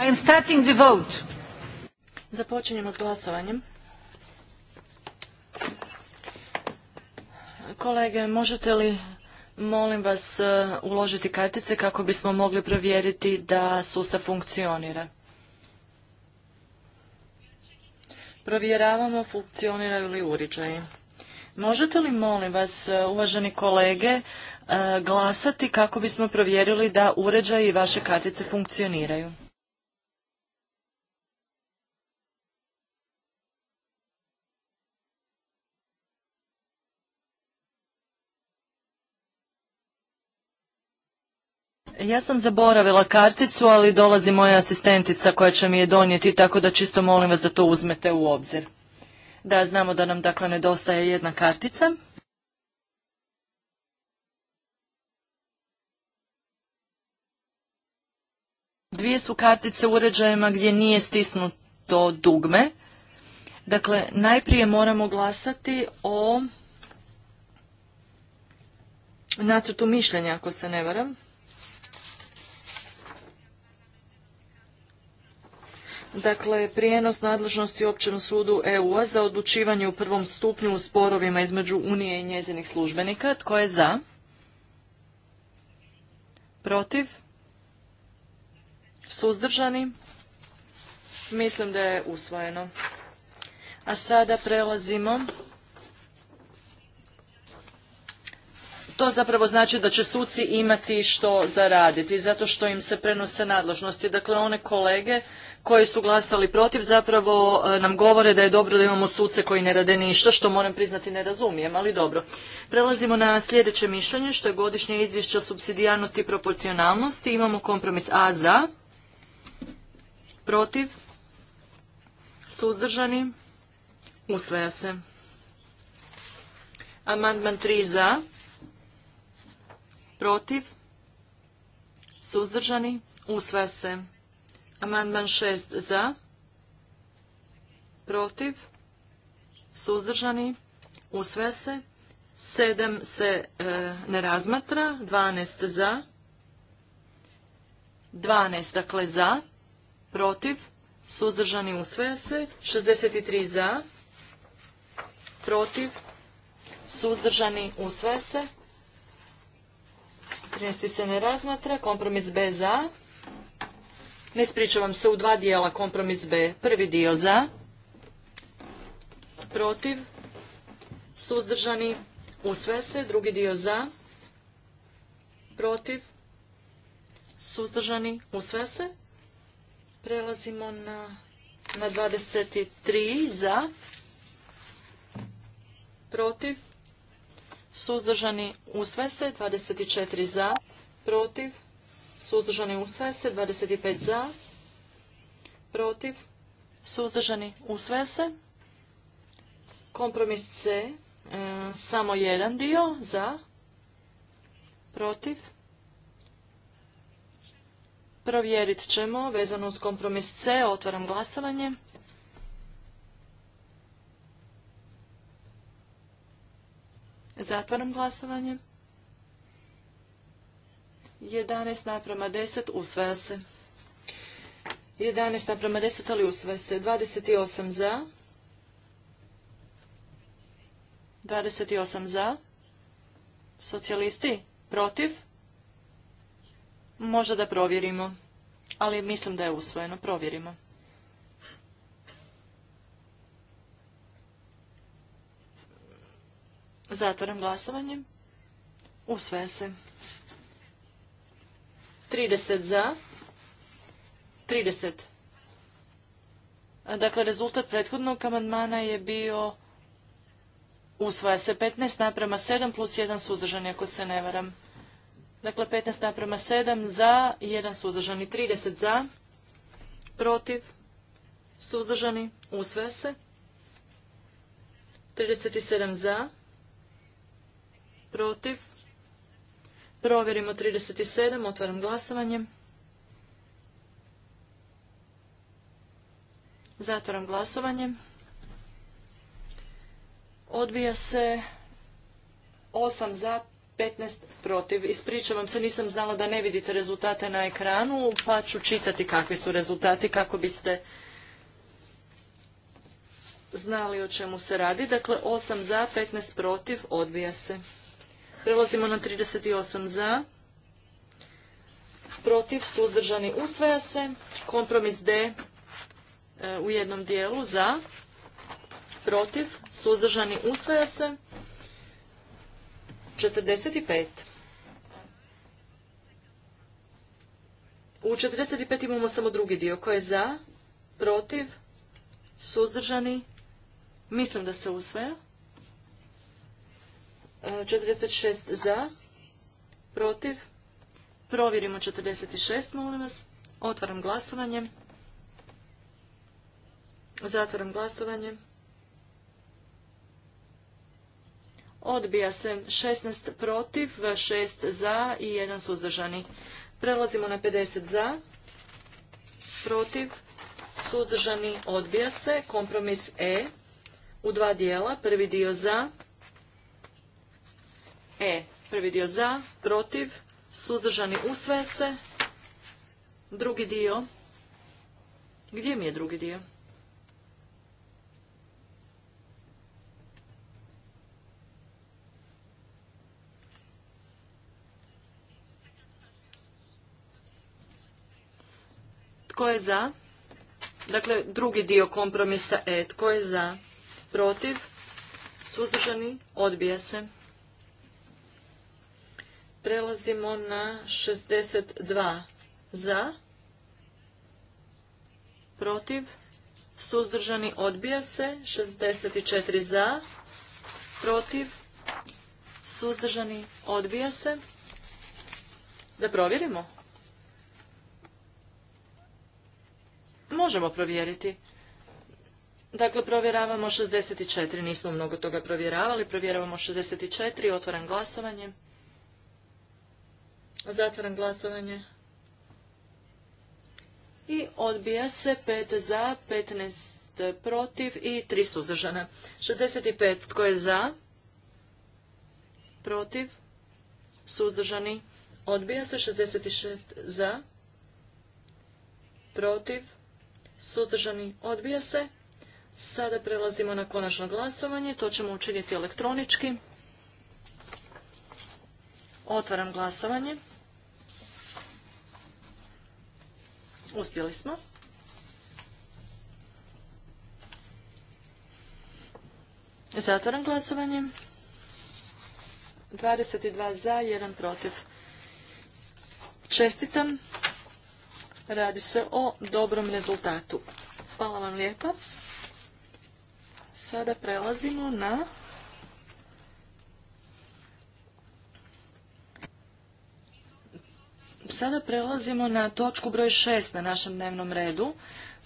I am starting Započinjemo s glasovanjem. Kolege, možete li molim vas e, uložiti kartice kako bismo mogli provjeriti da sustav funkcionira? Provjeravamo funkcioniraju li uređaji. Možete li molim vas, e, uvaženi kolege, e, glasati kako bismo provjerili da uređaji i vaše kartice funkcioniraju? Ja sam zaboravila karticu, ali dolazi moja asistentica koja će mi je donijeti, tako da čisto molim vas da to uzmete u obzir. Da, znamo da nam dakle nedostaje jedna kartica. Dvije su kartice u uređajima gdje nije stisnuto dugme. Dakle, najprije moramo glasati o nacrtu mišljenja, ako se ne varam. Dakle, prijenos nadležnosti Općem sudu EU-a za odlučivanje u prvom stupnju u sporovima između Unije i njezinih službenika. Tko je za? Protiv? Suzdržani? Mislim da je usvojeno. A sada prelazimo... To zapravo znači da će suci imati što zaraditi, zato što im se prenose nadležnosti. Dakle, one kolege koji su glasali protiv zapravo e, nam govore da je dobro da imamo suce koji ne rade ništa, što moram priznati ne razumijem, ali dobro. Prelazimo na sljedeće mišljenje, što je godišnje izvješće o subsidijarnosti i proporcionalnosti. Imamo kompromis A za, protiv, suzdržani, usvaja se. Amandman 3 za, protiv, suzdržani, usvaja se. Amandman 6 za, protiv, suzdržani, usve se. 7 se e, ne razmatra, 12 za, 12 dakle za, protiv, suzdržani, usve se. 63 za, protiv, suzdržani, usve se. 13 se ne razmatra, kompromis B za, ne se u dva dijela kompromis B. Prvi dio za, protiv, suzdržani, usve se. Drugi dio za, protiv, suzdržani, usve se. Prelazimo na, na 23 za, protiv, suzdržani, usve se. 24 za, protiv, suzdržani usvaja se, 25 za, protiv, suzdržani usvaja se. Kompromis C, e, samo jedan dio, za, protiv. Provjerit ćemo, vezano uz kompromis C, otvaram glasovanje. Zatvaram glasovanje. 11 naprama 10 usvaja se. 11 naprama 10, ali usvaja se. 28 za. 28 za. Socijalisti? Protiv? Može da provjerimo. Ali mislim da je usvojeno. Provjerimo. Zatvaram glasovanje. Usvaja se. 30 za, 30. Dakle, rezultat prethodnog amandmana je bio usvaja se 15 naprema 7 plus 1 suzdržani, ako se ne varam. Dakle, 15 naprema 7 za, 1 suzdržani, 30 za, protiv, suzdržani, usvaja se. 37 za, protiv, Provjerimo 37, otvaram glasovanje. Zatvaram glasovanje. Odbija se 8 za, 15 protiv. Ispričavam se, nisam znala da ne vidite rezultate na ekranu, pa ću čitati kakvi su rezultati kako biste znali o čemu se radi. Dakle, 8 za, 15 protiv, odbija se. Prelazimo na 38 za, protiv, suzdržani, usvaja se. Kompromis D e, u jednom dijelu za, protiv, suzdržani, usvaja se. 45. U 45 imamo samo drugi dio koji je za, protiv, suzdržani, mislim da se usvaja. 46 za, protiv, provjerimo 46, molim vas, otvaram glasovanje, zatvaram glasovanje, odbija se 16 protiv, 6 za i 1 suzdržani. Prelazimo na 50 za, protiv, suzdržani, odbija se, kompromis E u dva dijela, prvi dio za, E. Prvi dio za, protiv, suzdržani sve se. Drugi dio. Gdje mi je drugi dio? Tko je za? Dakle, drugi dio kompromisa E. Tko je za? Protiv? Suzdržani? Odbija se. Prelazimo na 62 za, protiv, suzdržani odbija se, 64 za, protiv, suzdržani odbija se. Da provjerimo. Možemo provjeriti. Dakle, provjeravamo 64, nismo mnogo toga provjeravali, provjeravamo 64, otvaram glasovanje. Zatvaram glasovanje. I odbija se pet za, 15 protiv i tri suzdržana. 65. Tko je za? Protiv? Suzdržani? Odbija se 66 za, protiv, suzdržani, odbija se. Sada prelazimo na konačno glasovanje, to ćemo učiniti elektronički. Otvaram glasovanje. Uspjeli smo. Zatvaram glasovanje. 22 za, 1 protiv. Čestitam. Radi se o dobrom rezultatu. Hvala vam lijepa. Sada prelazimo na Sada prelazimo na točku broj šest na našem dnevnom redu,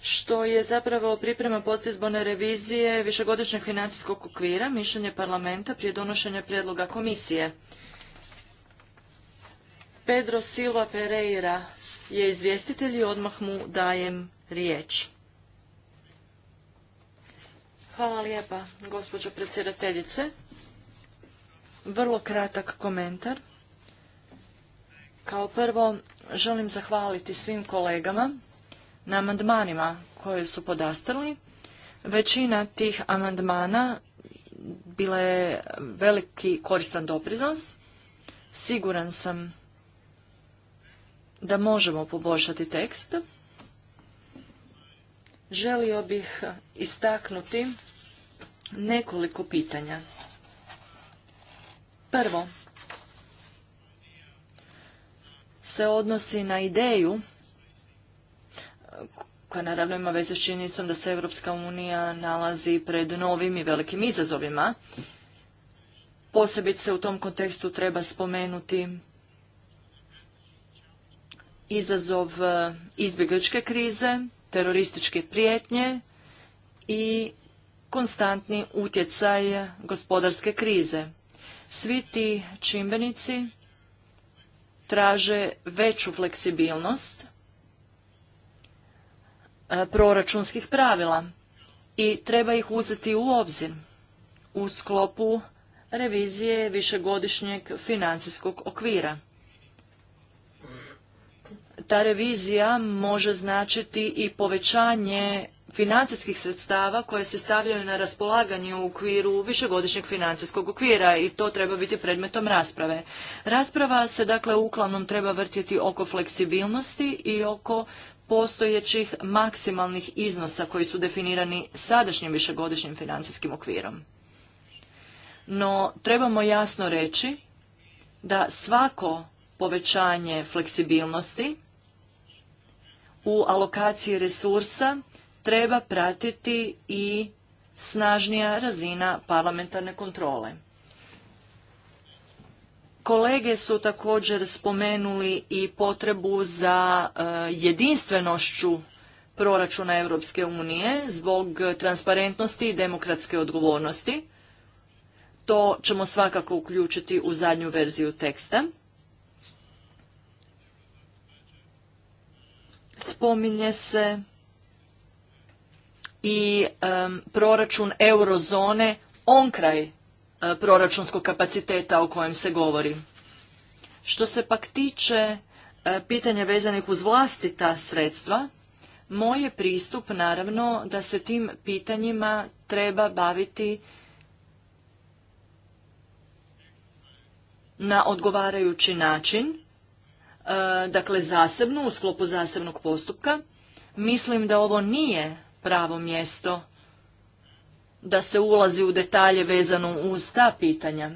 što je zapravo priprema postizbone revizije višegodišnjeg financijskog okvira, mišljenje parlamenta prije donošenja prijedloga komisije. Pedro Silva Pereira je izvjestitelj i odmah mu dajem riječ. Hvala lijepa, gospođo predsjedateljice. Vrlo kratak komentar. Kao prvo, želim zahvaliti svim kolegama na amandmanima koje su podastrli. Većina tih amandmana bila je veliki koristan doprinos. Siguran sam da možemo poboljšati tekst. Želio bih istaknuti nekoliko pitanja. Prvo, se odnosi na ideju koja naravno ima veze s činjenicom da se Europska unija nalazi pred novim i velikim izazovima. Posebice u tom kontekstu treba spomenuti izazov e, izbjegličke krize, terorističke prijetnje i konstantni utjecaj gospodarske krize. Svi ti čimbenici traže veću fleksibilnost e, proračunskih pravila i treba ih uzeti u obzir u sklopu revizije višegodišnjeg financijskog okvira. Ta revizija može značiti i povećanje financijskih sredstava koje se stavljaju na raspolaganje u okviru višegodišnjeg financijskog okvira i to treba biti predmetom rasprave. Rasprava se dakle uklavnom treba vrtjeti oko fleksibilnosti i oko postojećih maksimalnih iznosa koji su definirani sadašnjim višegodišnjim financijskim okvirom. No, trebamo jasno reći da svako povećanje fleksibilnosti u alokaciji resursa treba pratiti i snažnija razina parlamentarne kontrole. Kolege su također spomenuli i potrebu za e, jedinstvenošću proračuna Europske unije zbog transparentnosti i demokratske odgovornosti. To ćemo svakako uključiti u zadnju verziju teksta. Spominje se i proračun eurozone onkraj kraj e, proračunskog kapaciteta o kojem se govori. Što se pak tiče e, pitanja vezanih uz vlastita sredstva, moj je pristup naravno da se tim pitanjima treba baviti na odgovarajući način, e, dakle zasebno, u sklopu zasebnog postupka. Mislim da ovo nije pravo mjesto da se ulazi u detalje vezano uz ta pitanja.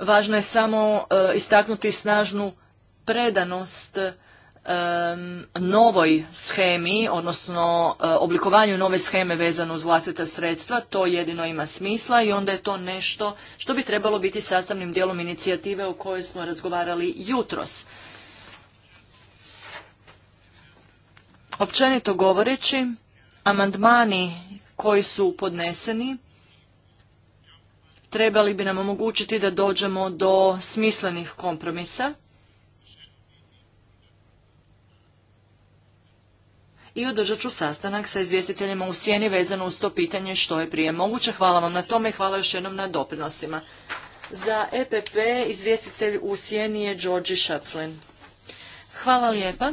Važno je samo e, istaknuti snažnu predanost e, novoj schemi, odnosno e, oblikovanju nove scheme vezano uz vlastita sredstva. To jedino ima smisla i onda je to nešto što bi trebalo biti sastavnim dijelom inicijative o kojoj smo razgovarali jutros Općenito govoreći, amandmani koji su podneseni trebali bi nam omogućiti da dođemo do smislenih kompromisa i održat ću sastanak sa izvjestiteljima u sjeni vezano uz to pitanje što je prije moguće. Hvala vam na tome i hvala još jednom na doprinosima. Za EPP izvjestitelj u sjeni je Georgi Šaflin. Hvala lijepa.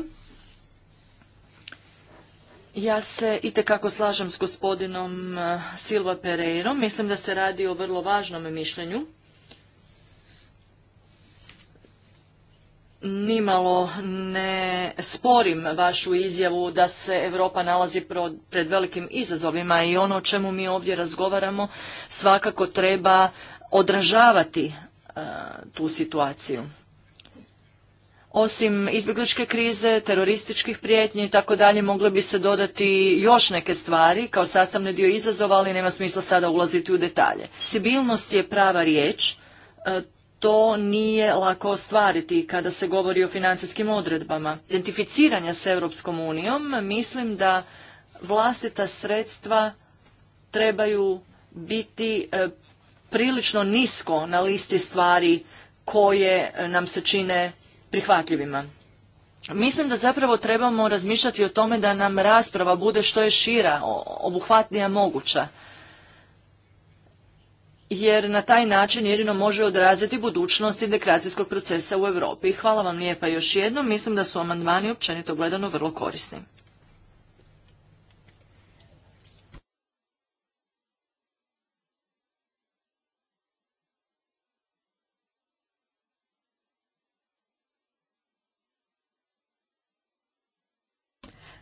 Ja se itekako slažem s gospodinom eh, Silva Pereirom. Mislim da se radi o vrlo važnom mišljenju. Nimalo ne sporim vašu izjavu da se Europa nalazi pred velikim izazovima i ono o čemu mi ovdje razgovaramo svakako treba odražavati eh, tu situaciju. Osim izbjegličke krize, terorističkih prijetnji i tako dalje, mogle bi se dodati još neke stvari kao sastavni dio izazova, ali nema smisla sada ulaziti u detalje. Sibilnost je prava riječ, e, to nije lako ostvariti kada se govori o financijskim odredbama. Identificiranja s Europskom unijom, mislim da vlastita sredstva trebaju biti e, prilično nisko na listi stvari koje nam se čine prihvatljivima. Mislim da zapravo trebamo razmišljati o tome da nam rasprava bude što je šira, obuhvatnija moguća. Jer na taj način jedino može odraziti budućnost integracijskog procesa u Europi. Hvala vam lijepa još jednom. Mislim da su amandmani općenito gledano vrlo korisni.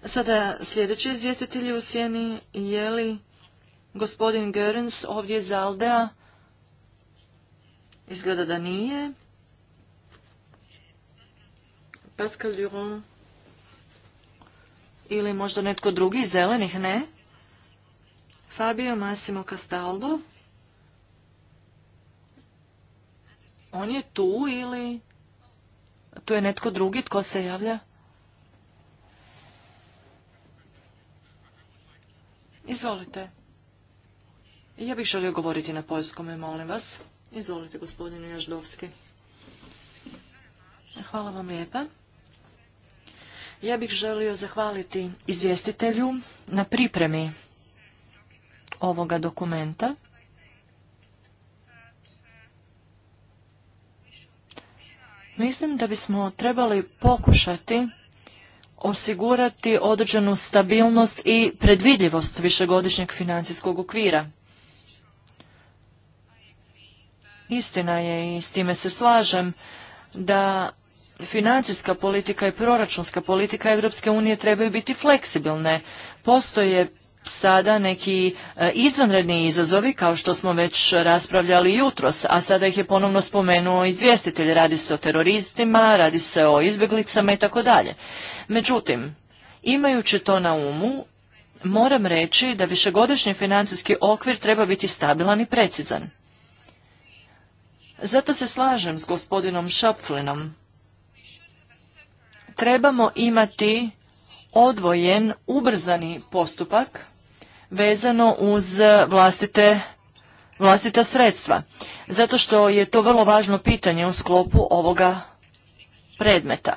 Sada sljedeći izvjestitelji u sjeni je li gospodin Görens ovdje iz Aldea? Izgleda da nije. Pascal Durand ili možda netko drugi iz zelenih, ne? Fabio Massimo Castaldo. On je tu ili tu je netko drugi, tko se javlja? Izvolite. Ja bih želio govoriti na poljskome, molim vas. Izvolite, gospodine Jaždovski. Hvala vam lijepa. Ja bih želio zahvaliti izvjestitelju na pripremi ovoga dokumenta. Mislim da bismo trebali pokušati osigurati određenu stabilnost i predvidljivost višegodišnjeg financijskog okvira. Istina je i s time se slažem da financijska politika i proračunska politika Europske unije trebaju biti fleksibilne. Postoje sada neki e, izvanredni izazovi kao što smo već raspravljali jutros, a sada ih je ponovno spomenuo izvjestitelj. Radi se o teroristima, radi se o izbjeglicama i tako dalje. Međutim, imajući to na umu, moram reći da višegodišnji financijski okvir treba biti stabilan i precizan. Zato se slažem s gospodinom Šapflinom. Trebamo imati odvojen, ubrzani postupak vezano uz vlastite vlastita sredstva, zato što je to vrlo važno pitanje u sklopu ovoga predmeta.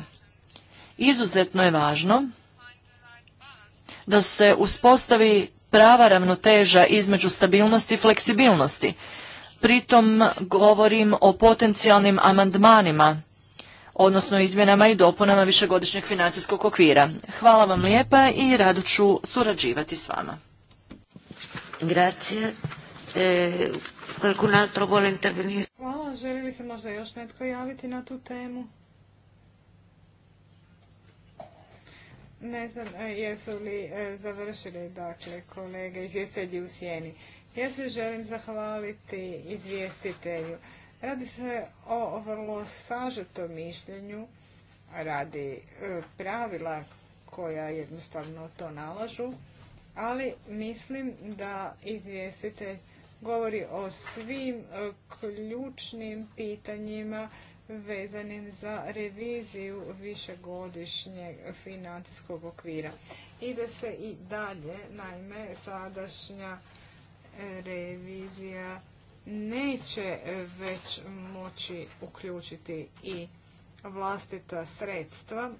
Izuzetno je važno da se uspostavi prava ravnoteža između stabilnosti i fleksibilnosti. Pritom govorim o potencijalnim amandmanima odnosno izmjenama i dopunama višegodišnjeg financijskog okvira. Hvala vam lijepa i rado ću surađivati s vama. Grazie. E, Hvala. Želi li se možda još netko javiti na tu temu? Ne znam, e, jesu li e, završili dakle kolege izvjestitelji u sjeni. Ja se želim zahvaliti izvjestitelju. Radi se o vrlo sažetom mišljenju radi e, pravila koja jednostavno to nalažu, ali mislim da izvjestitelj govori o svim e, ključnim pitanjima vezanim za reviziju višegodišnjeg financijskog okvira. Ide se i dalje, naime, sadašnja revizija neće već moći uključiti i vlastita sredstva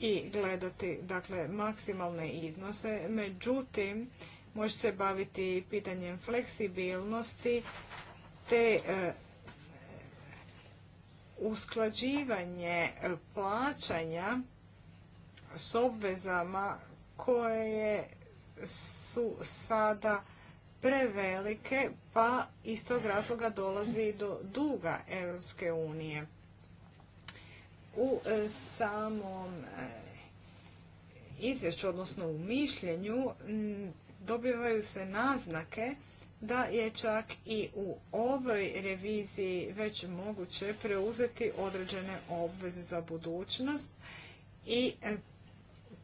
i gledati dakle maksimalne iznose. Međutim, može se baviti pitanjem fleksibilnosti te e, usklađivanje plaćanja s obvezama koje su sada prevelike, pa iz tog razloga dolazi do duga Europske unije. U e, samom e, izvješću, odnosno u mišljenju, dobivaju se naznake da je čak i u ovoj reviziji već moguće preuzeti određene obveze za budućnost i e,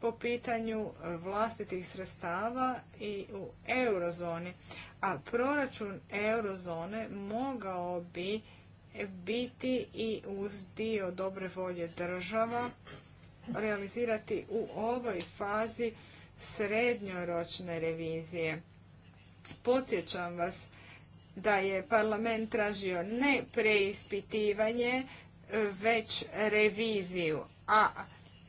po pitanju e, vlastitih sredstava i u eurozoni. A proračun eurozone mogao bi biti i uz dio dobre volje država realizirati u ovoj fazi srednjoročne revizije. Podsjećam vas da je parlament tražio ne preispitivanje, već reviziju. A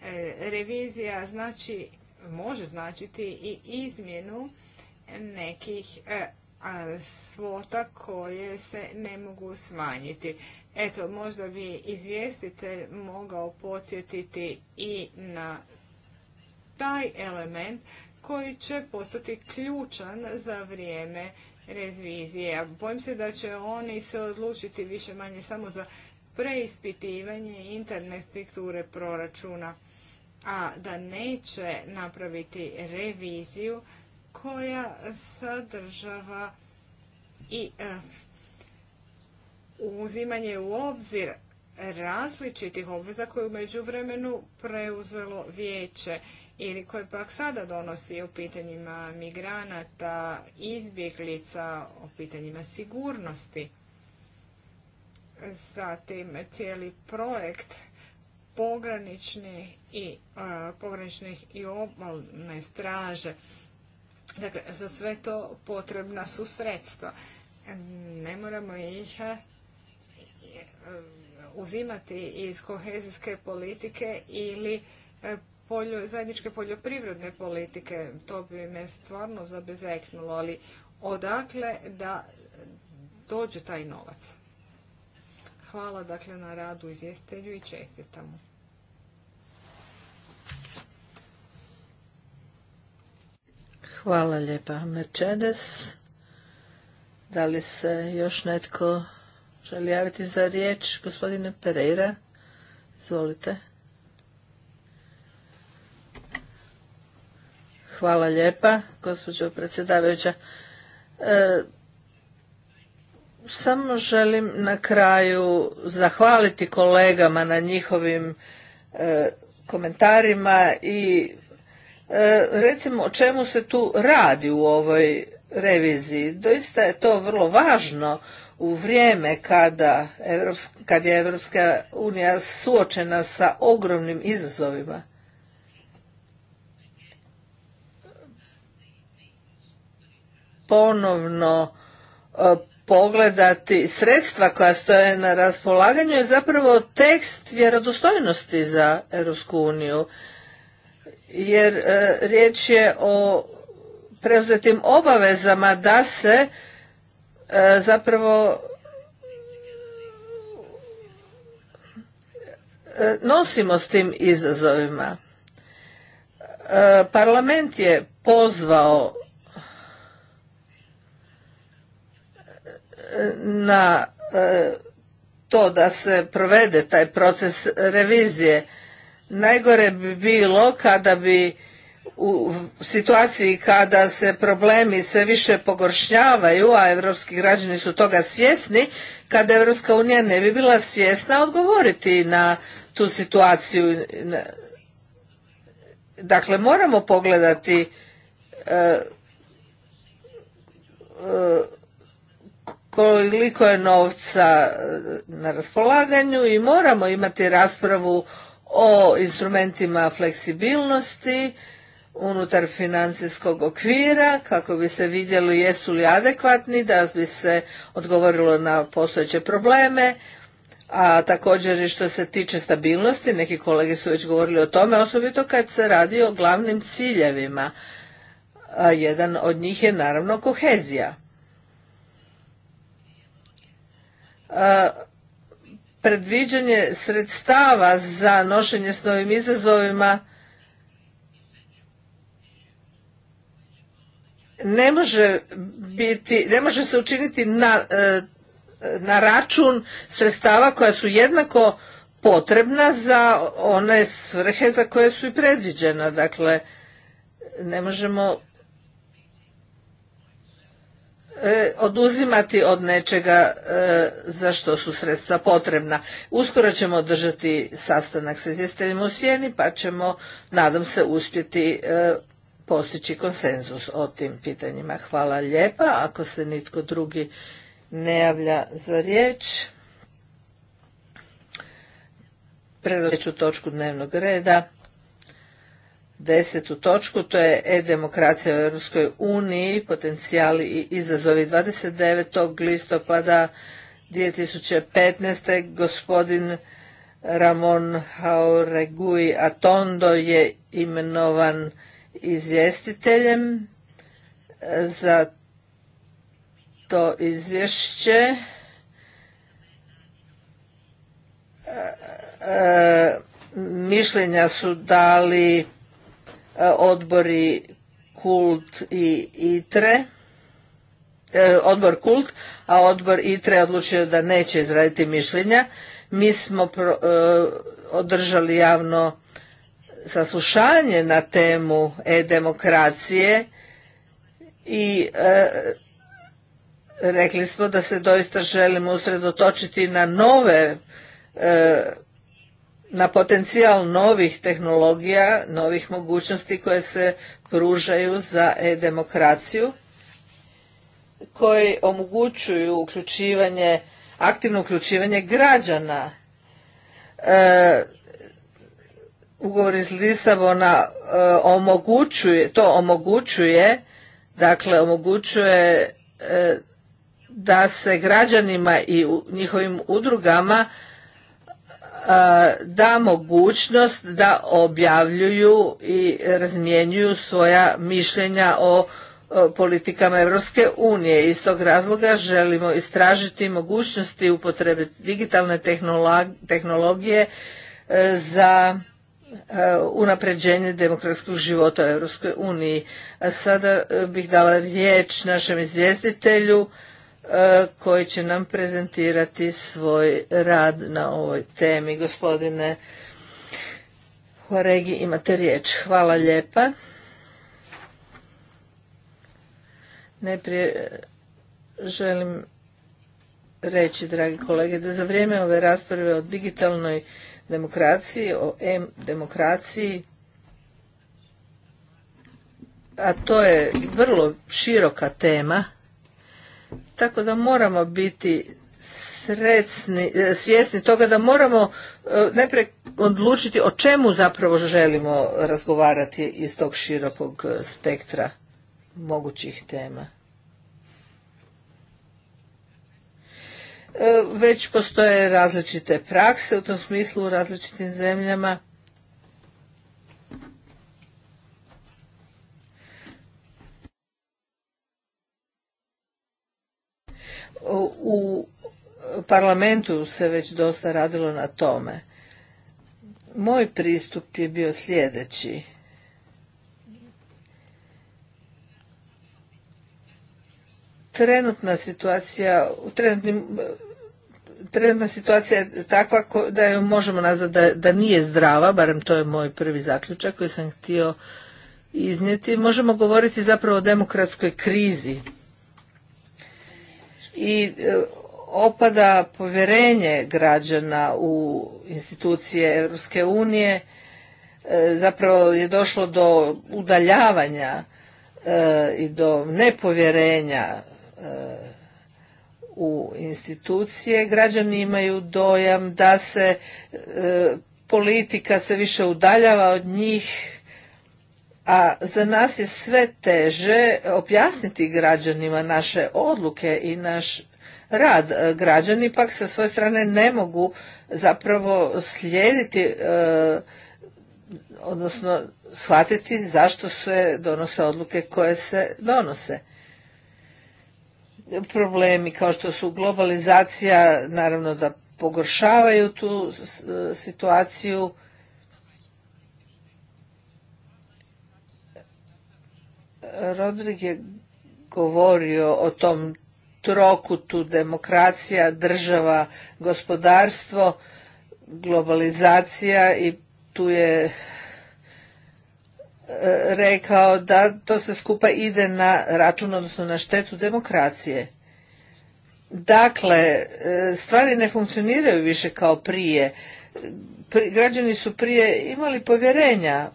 E, revizija znači, može značiti i izmjenu nekih e, svota koje se ne mogu smanjiti. Eto, možda bi izvjestitelj mogao podsjetiti i na taj element koji će postati ključan za vrijeme revizije. Bojim se da će oni se odlučiti više manje samo za preispitivanje interne strukture proračuna a da neće napraviti reviziju koja sadržava i e, uzimanje u obzir različitih obveza koje u međuvremenu preuzelo vijeće ili koje pak sada donosi u pitanjima migranata, izbjeglica, o pitanjima sigurnosti. Zatim cijeli projekt pograničnih i i obalne straže. Dakle, za sve to potrebna su sredstva. Ne moramo ih uzimati iz kohezijske politike ili zajedničke poljoprivredne politike. To bi me stvarno zabezeknulo, ali odakle da dođe taj novac? Hvala dakle na radu izvjestitelju i čestitamo. Hvala lijepa Mercedes. Da li se još netko želi javiti za riječ? Gospodine Pereira, izvolite. Hvala lijepa, gospođo predsjedavajuća. E, samo želim na kraju zahvaliti kolegama na njihovim e, komentarima i e, recimo o čemu se tu radi u ovoj reviziji. Doista je to vrlo važno u vrijeme kada, kad je Evropska unija suočena sa ogromnim izazovima. Ponovno e, pogledati sredstva koja stoje na raspolaganju je zapravo tekst vjerodostojnosti za Europsku uniju. Jer e, riječ je o preuzetim obavezama da se e, zapravo e, nosimo s tim izazovima. Parlament je pozvao na e, to da se provede taj proces revizije. Najgore bi bilo kada bi u situaciji kada se problemi sve više pogoršnjavaju, a evropski građani su toga svjesni, kada Evropska unija ne bi bila svjesna odgovoriti na tu situaciju. Dakle, moramo pogledati e, e, koliko je novca eh, na raspolaganju i moramo imati raspravu o instrumentima fleksibilnosti unutar financijskog okvira kako bi se vidjeli jesu li adekvatni da bi se odgovorilo na postojeće probleme a također i što se tiče stabilnosti neki kolege su već govorili o tome osobito kad se radi o glavnim ciljevima jedan od njih je naravno kohezija predviđanje sredstava za nošenje s novim izazovima ne može biti, ne može se učiniti na, e, na račun sredstava koja su jednako potrebna za one svrhe za koje su i predviđena. Dakle, ne možemo E, oduzimati od nečega e, za što su sredstva potrebna. Uskoro ćemo održati sastanak sa izvjestiteljima u Sjeni pa ćemo, nadam se, uspjeti e, postići konsenzus o tim pitanjima. Hvala lijepa. Ako se nitko drugi ne javlja za riječ, ću točku dnevnog reda desetu točku, to je e-demokracija u Europskoj uniji, potencijali i izazovi 29. listopada 2015. gospodin Ramon Hauregui Atondo je imenovan izvjestiteljem za to izvješće. E, e, mišljenja su dali E, odbori Kult i ITRE, e, odbor Kult, a odbor ITRE odlučio da neće izraditi mišljenja. Mi smo e, održali javno saslušanje na temu e-demokracije i rekli smo da se doista želimo usredotočiti na nove na potencijal novih tehnologija, novih mogućnosti koje se pružaju za e-demokraciju, koji omogućuju uključivanje, aktivno uključivanje građana. E, ugovor iz Lisabona e, omogućuje, to omogućuje, dakle omogućuje e, da se građanima i njihovim udrugama E, da mogućnost da objavljuju i razmjenjuju svoja mišljenja o e, politikama Europske unije. Iz tog razloga želimo istražiti mogućnosti upotrebe digitalne tehnologije e, za unapređenje demokratskog života u Evropskoj uniji. Sada bih dala riječ našem izvjestitelju E, koji će nam prezentirati svoj rad na ovoj temi. Gospodine Horegi, imate riječ. Hvala lijepa. Najprije želim reći, dragi kolege, da za vrijeme ove rasprave o digitalnoj demokraciji, o em-demokraciji, a to je vrlo široka tema, tako da moramo biti e, svjesni toga da moramo e, najprije odlučiti o čemu zapravo želimo razgovarati iz tog širokog spektra mogućih tema. E, već postoje različite prakse u tom smislu u različitim zemljama. u parlamentu se već dosta radilo na tome. Moj pristup je bio sljedeći. Trenutna situacija, trenutni, trenutna situacija je takva da je možemo nazvati da, da nije zdrava, barem to je moj prvi zaključak koji sam htio iznijeti. Možemo govoriti zapravo o demokratskoj krizi i e, opada povjerenje građana u institucije Europske unije, e, zapravo je došlo do udaljavanja e, i do nepovjerenja u institucije. Građani imaju dojam da se politika se više udaljava od njih a za nas je sve teže objasniti građanima naše odluke i naš rad. E, građani pak sa svoje strane ne mogu zapravo slijediti, e, odnosno shvatiti zašto se donose odluke koje se donose. Problemi kao što su globalizacija, naravno da pogoršavaju tu e, situaciju, Rodrig je govorio o tom trokutu demokracija, država, gospodarstvo, globalizacija i tu je e, rekao da to se skupa ide na račun, odnosno na štetu demokracije. Dakle, e, stvari ne funkcioniraju više kao prije. Građani su prije imali povjerenja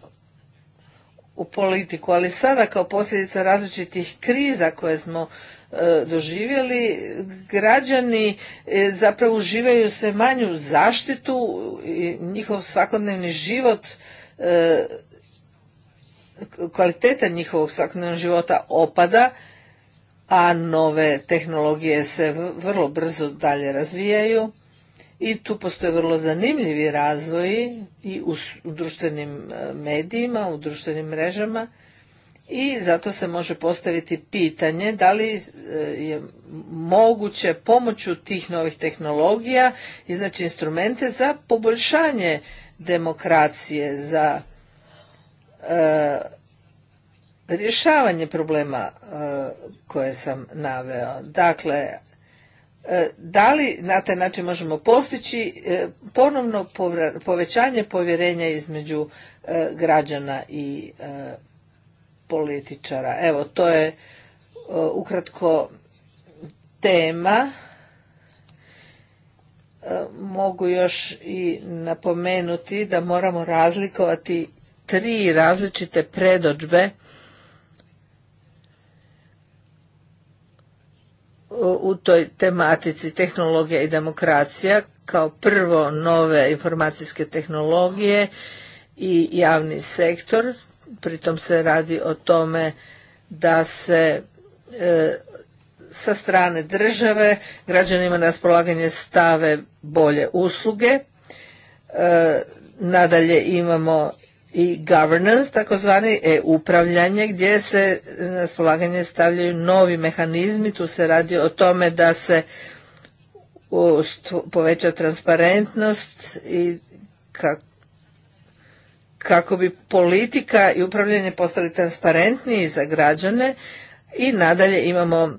u politiku, ali sada kao posljedica različitih kriza koje smo e, doživjeli, građani e, zapravo uživaju sve manju zaštitu i njihov svakodnevni život e, kvaliteta njihovog svakodnevnog života opada, a nove tehnologije se vrlo brzo dalje razvijaju i tu postoje vrlo zanimljivi razvoji i u, društvenim e, medijima, u društvenim mrežama i zato se može postaviti pitanje da li e, je moguće pomoću tih novih tehnologija znači instrumente za poboljšanje demokracije, za e, rješavanje problema koje sam naveo. Dakle, E, da li na taj način možemo postići e, ponovno povećanje povjerenja između e, građana i političara. Evo, to je ukratko tema. Mogu još i napomenuti da moramo razlikovati tri različite predođbe u toj tematici tehnologija i demokracija kao prvo nove informacijske tehnologije i javni sektor pritom se radi o tome da se e, sa strane države građanima na raspolaganje stave bolje usluge e, nadalje imamo i governance, takozvani e-upravljanje, gdje se na raspolaganje stavljaju novi mehanizmi. Tu se radi o tome da se poveća transparentnost i kako bi politika i upravljanje postali transparentniji za građane i nadalje imamo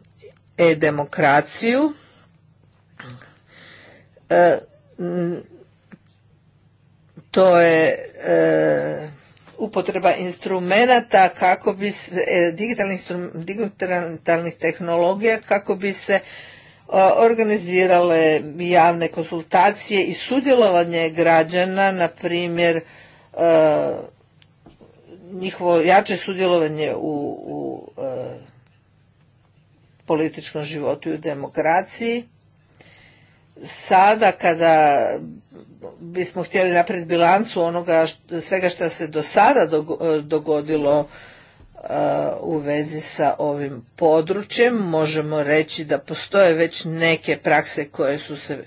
e-demokraciju. e demokraciju to je e, upotreba instrumenata kako bi se, e, digitalnih, tehnologija kako bi se e, organizirale javne konsultacije i sudjelovanje građana, na primjer njihovo jače sudjelovanje u, u političkom životu i u demokraciji. Sada kada bismo htjeli napraviti bilancu onoga svega što se do sada e, dogodilo e, u vezi sa ovim područjem. Možemo reći da postoje već neke prakse koje su se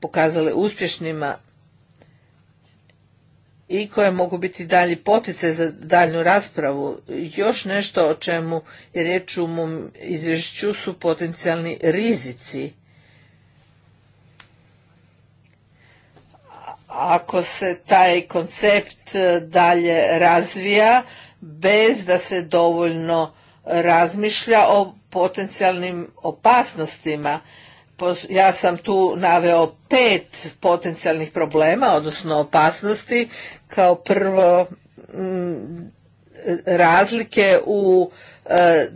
pokazale uspješnima i koje mogu biti dalji potice za daljnju raspravu. Još nešto o čemu je riječ u mom izvješću su potencijalni rizici ako se taj koncept e, dalje razvija bez da se dovoljno razmišlja o potencijalnim opasnostima. Ja sam tu naveo pet potencijalnih problema, odnosno opasnosti. Kao prvo e, razlike u e,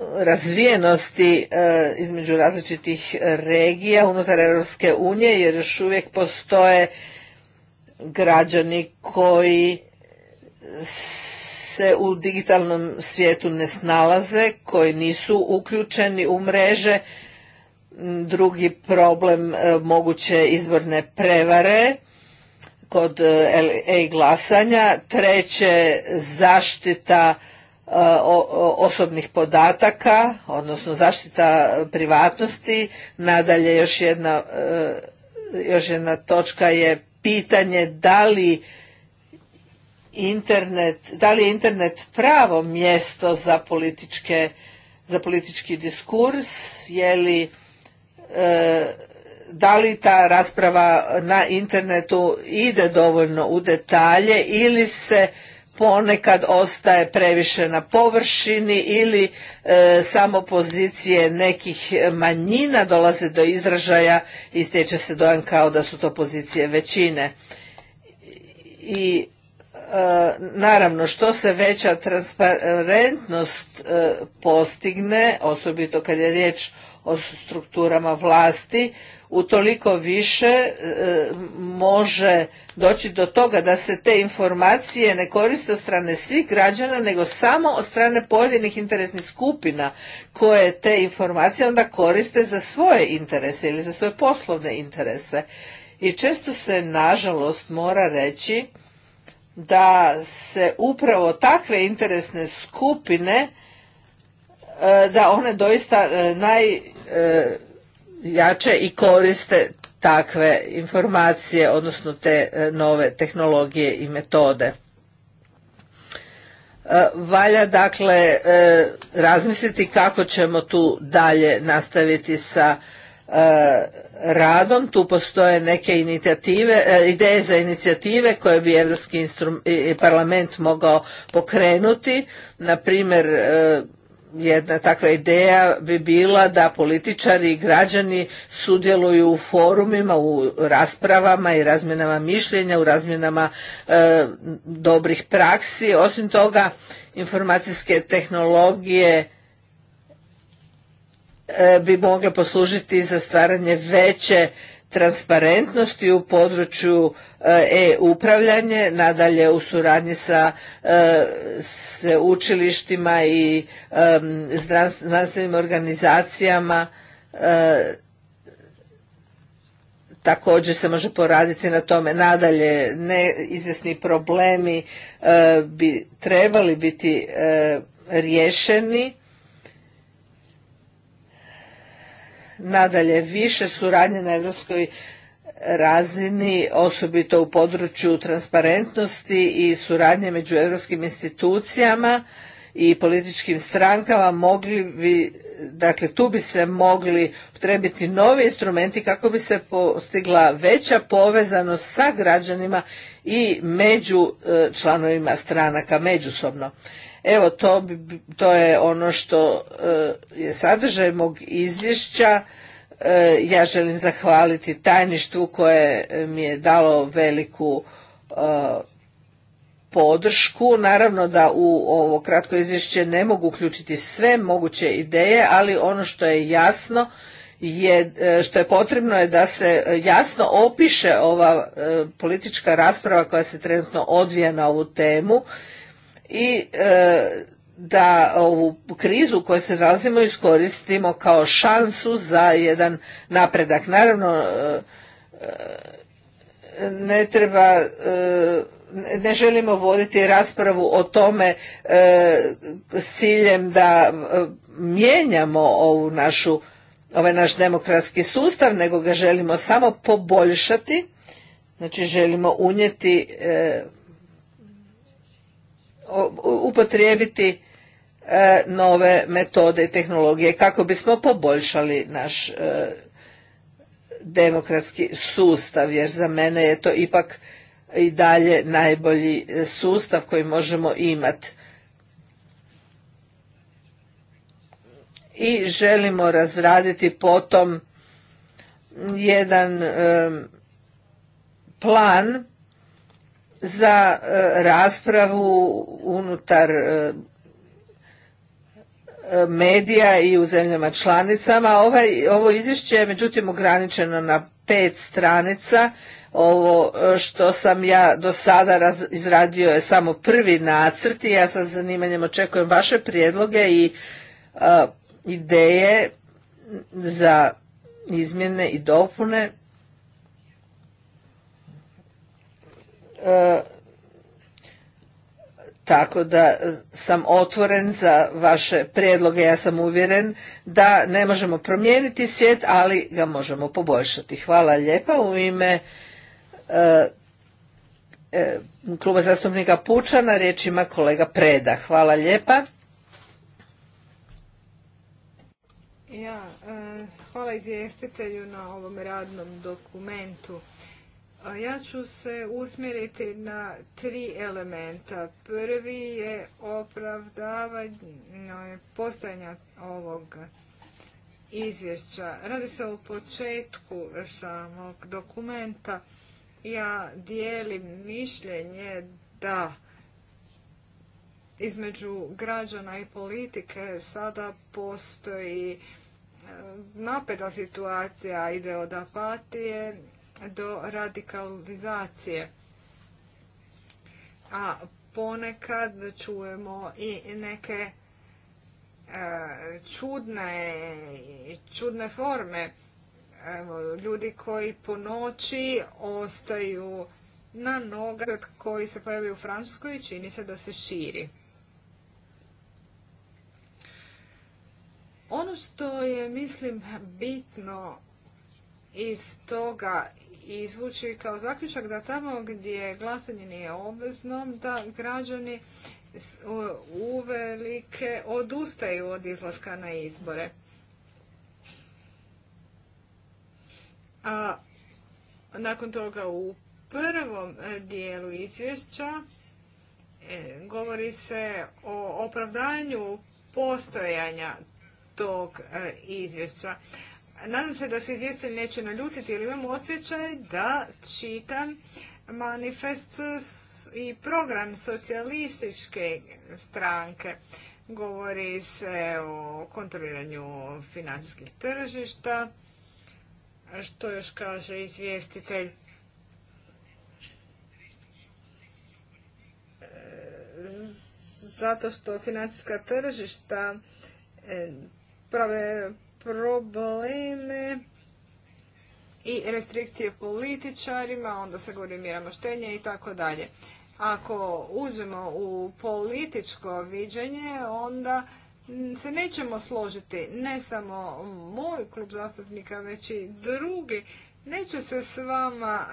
razvijenosti e, između različitih regija unutar Europske unije jer još uvijek postoje građani koji se u digitalnom svijetu ne snalaze, koji nisu uključeni u mreže. Drugi problem e, moguće izborne prevare kod e, e-glasanja. Treće, zaštita E, osobnih podataka, odnosno zaštita privatnosti. Nadalje još jedna, e, još jedna točka je pitanje da li internet, da li je internet pravo mjesto za političke za politički diskurs, je li e, da li ta rasprava na internetu ide dovoljno u detalje ili se ponekad ostaje previše na površini ili e, samo pozicije nekih manjina dolaze do izražaja i stječe se dojam kao da su to pozicije većine. I e, naravno što se veća transparentnost e, postigne, osobito kad je riječ o strukturama vlasti, utoliko više e, može doći do toga da se te informacije ne koriste od strane svih građana, nego samo od strane pojedinih interesnih skupina koje te informacije onda koriste za svoje interese ili za svoje poslovne interese. I često se, nažalost, mora reći da se upravo takve interesne skupine E, da one doista e, najjače e, i koriste takve informacije, odnosno te nove tehnologije i metode. Valja dakle razmisliti kako ćemo tu dalje nastaviti sa radom. Tu postoje neke ideje za inicijative koje bi Europski parlament mogao pokrenuti. Na primjer, jedna takva ideja bi bila da političari i građani sudjeluju u forumima, u raspravama i razmjenama mišljenja, u razmjenama e, dobrih praksi. Osim toga, informacijske tehnologije e, bi mogle poslužiti za stvaranje veće transparentnosti u području E, e-upravljanje, nadalje u suradnji sa e, učilištima i e, znanstvenim organizacijama također se može poraditi na tome. Nadalje, neizvjesni problemi bi trebali biti riješeni. Nadalje, više suradnje na europskoj razini, osobito u području transparentnosti i suradnje među europskim institucijama i političkim strankama mogli bi, dakle tu bi se mogli trebiti novi instrumenti kako bi se postigla veća povezanost sa građanima i među e, članovima stranaka međusobno. Evo to, to je ono što e, je sadržaj mog izvješća. E, ja želim zahvaliti tajništvu koje mi je dalo veliku e, podršku. Naravno da u ovo kratko izvješće ne mogu uključiti sve moguće ideje, ali ono što je jasno je, e, što je potrebno je da se jasno opiše ova politička rasprava koja se trenutno odvija na ovu temu i da ovu krizu kojoj se nalazimo iskoristimo kao šansu za jedan napredak. Naravno, e, e, ne treba e, ne želimo voditi raspravu o tome s ciljem da mijenjamo ovu našu ovaj naš demokratski sustav, nego ga želimo samo poboljšati, znači želimo unijeti, upotrijebiti E, nove metode i tehnologije kako bismo poboljšali naš e, demokratski sustav jer za mene je to ipak i dalje najbolji sustav koji možemo imati. I želimo razraditi potom jedan e, plan za raspravu unutar medija i u zemljama članicama. Ovaj, ovo izvješće je međutim ograničeno na pet stranica. Ovo e, što sam ja do sada izradio je samo prvi nacrt i ja sa zanimanjem očekujem vaše prijedloge i e, ideje za izmjene i dopune. E, tako da sam otvoren za vaše prijedloge. Ja sam uvjeren da ne možemo promijeniti svijet, ali ga možemo poboljšati. Hvala lijepa u ime e, e, kluba zastupnika Pučana, riječ ima kolega Preda. Hvala lijepa. Ja, e, hvala izvjestitelju na ovom radnom dokumentu. Ja ću se usmjeriti na tri elementa. Prvi je opravdavanje postojanja ovog izvješća. Radi se o početku samog dokumenta. Ja dijelim mišljenje da između građana i politike sada postoji e, napeta situacija, ide od apatije do radikalizacije. A ponekad čujemo i neke e, čudne, čudne forme ljudi koji po noći ostaju na noga koji se pojavi u Francuskoj i čini se da se širi. Ono što je, mislim, bitno iz toga i izvući kao zaključak da tamo gdje glasanje nije obvezno, da građani uvelike odustaju od izlaska na izbore. A nakon toga u prvom dijelu izvješća e, govori se o opravdanju postojanja tog e, izvješća. Nadam se da se izvjestitelj neće naljutiti jer imam osjećaj da čitam manifest i program socijalističke stranke. Govori se o kontroliranju financijskih tržišta. Što još kaže izvjestitelj? Zato što financijska tržišta e, prave probleme i restrikcije političarima, onda se govori mjerama štenje i tako dalje. Ako uđemo u političko viđenje, onda se nećemo složiti, ne samo moj klub zastupnika, već i drugi, neće se s vama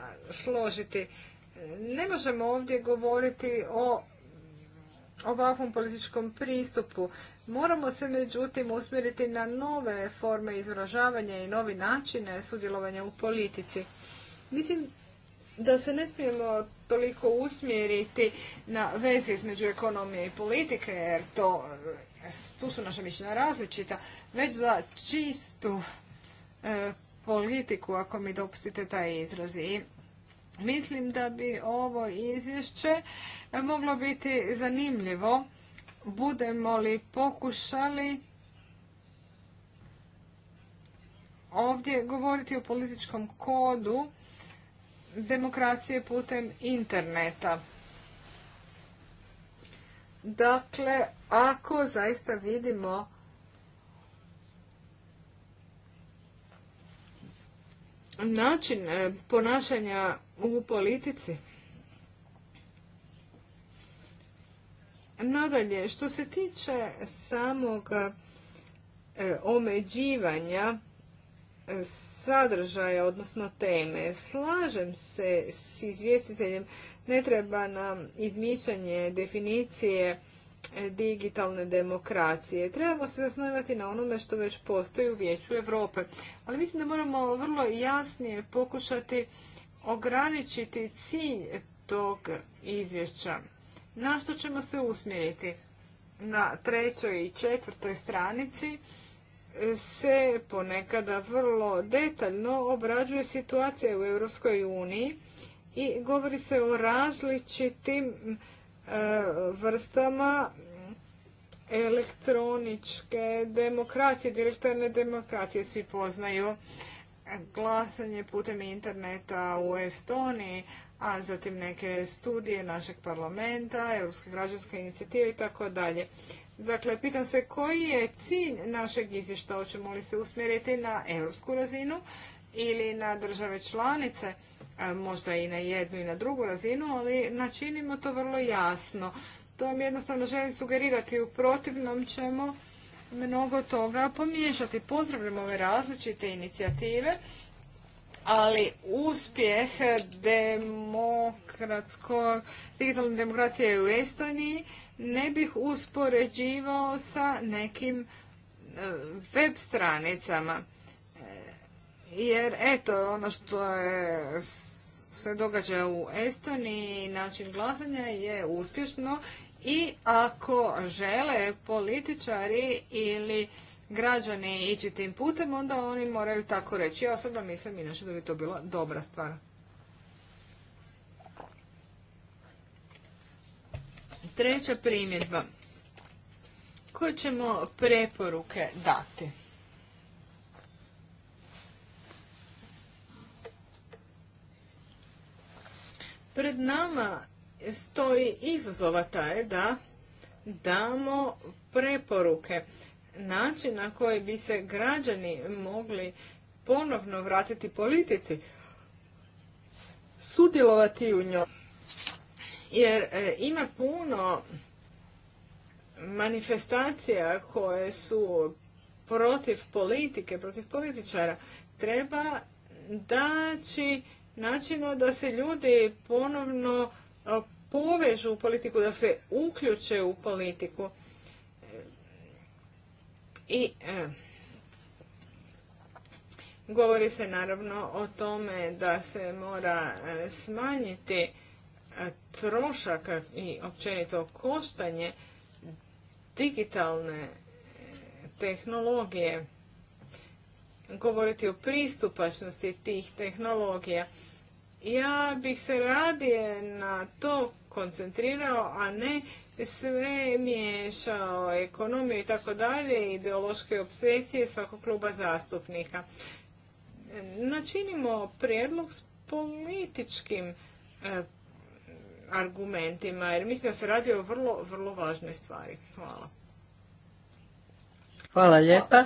složiti. Ne možemo ovdje govoriti o ovakvom političkom pristupu. Moramo se međutim usmjeriti na nove forme izražavanja i novi načine sudjelovanja u politici. Mislim da se ne smijemo toliko usmjeriti na veze između ekonomije i politike, jer to, tu su naša mišljenja različita, već za čistu e, politiku, ako mi dopustite taj izraz. I Mislim da bi ovo izvješće moglo biti zanimljivo. Budemo li pokušali ovdje govoriti o političkom kodu demokracije putem interneta. Dakle, ako zaista vidimo način eh, ponašanja u politici. Nadalje, što se tiče samog e, omeđivanja e, sadržaja, odnosno teme. Slažem se s izvjestiteljem, ne treba nam izmišljanje definicije e, digitalne demokracije. Trebamo se zasnovati na onome što već postoji u Vijeću Europe. Ali mislim da moramo vrlo jasnije pokušati ograničiti cilj tog izvješća. Na što ćemo se usmjeriti? Na trećoj i četvrtoj stranici se ponekada vrlo detaljno obrađuje situacija u Europskoj uniji i govori se o različitim e, vrstama elektroničke demokracije, direktorne demokracije svi poznaju glasanje putem interneta u Estoniji, a zatim neke studije našeg parlamenta, Europske građanske inicijative i tako dalje. Dakle, pitam se koji je cilj našeg izvještaja, hoćemo li se usmjeriti na europsku razinu ili na države članice, e, možda i na jednu i na drugu razinu, ali načinimo to vrlo jasno. To vam jednostavno želim sugerirati, u protivnom ćemo mnogo toga pomiješati. Pozdravljam ove različite inicijative, ali uspjeh demokratskog, digitalne demokracije u Estoniji ne bih uspoređivao sa nekim e, web stranicama. E, jer eto, ono što se događa u Estoniji, način glasanja je uspješno i ako žele političari ili građani ići tim putem, onda oni moraju tako reći. Ja osobno mislim inače da bi to bila dobra stvar. Treća primjedba. Koje ćemo preporuke dati? Pred nama stoji izazova taj da damo preporuke. Način na koji bi se građani mogli ponovno vratiti politici, sudjelovati u njoj. Jer e, ima puno manifestacija koje su protiv politike, protiv političara. Treba daći načinu da se ljudi ponovno povežu u politiku, da se uključe u politiku. I e, govori se naravno o tome da se mora e, smanjiti e, trošak i općenito koštanje digitalne tehnologije govoriti o pristupačnosti tih tehnologija ja bih se radije na to koncentrirao, a ne sve miješao, ekonomiju i tako dalje, ideološke obsesije svakog kluba zastupnika. Načinimo prijedlog s političkim e, argumentima, jer mislim da se radi o vrlo, vrlo važnoj stvari. Hvala. Hvala lijepa.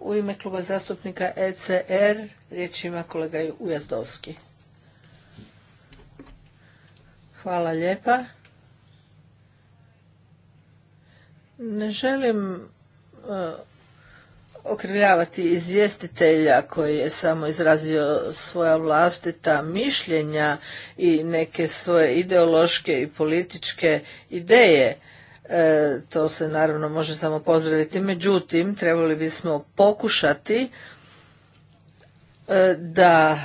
U ime kluba zastupnika ECR Riječ ima kolega Ujazdovski. Hvala lijepa. Ne želim e, okrivljavati izvjestitelja koji je samo izrazio svoja vlastita mišljenja i neke svoje ideološke i političke ideje. E, to se naravno može samo pozdraviti. Međutim, trebali bismo pokušati E, da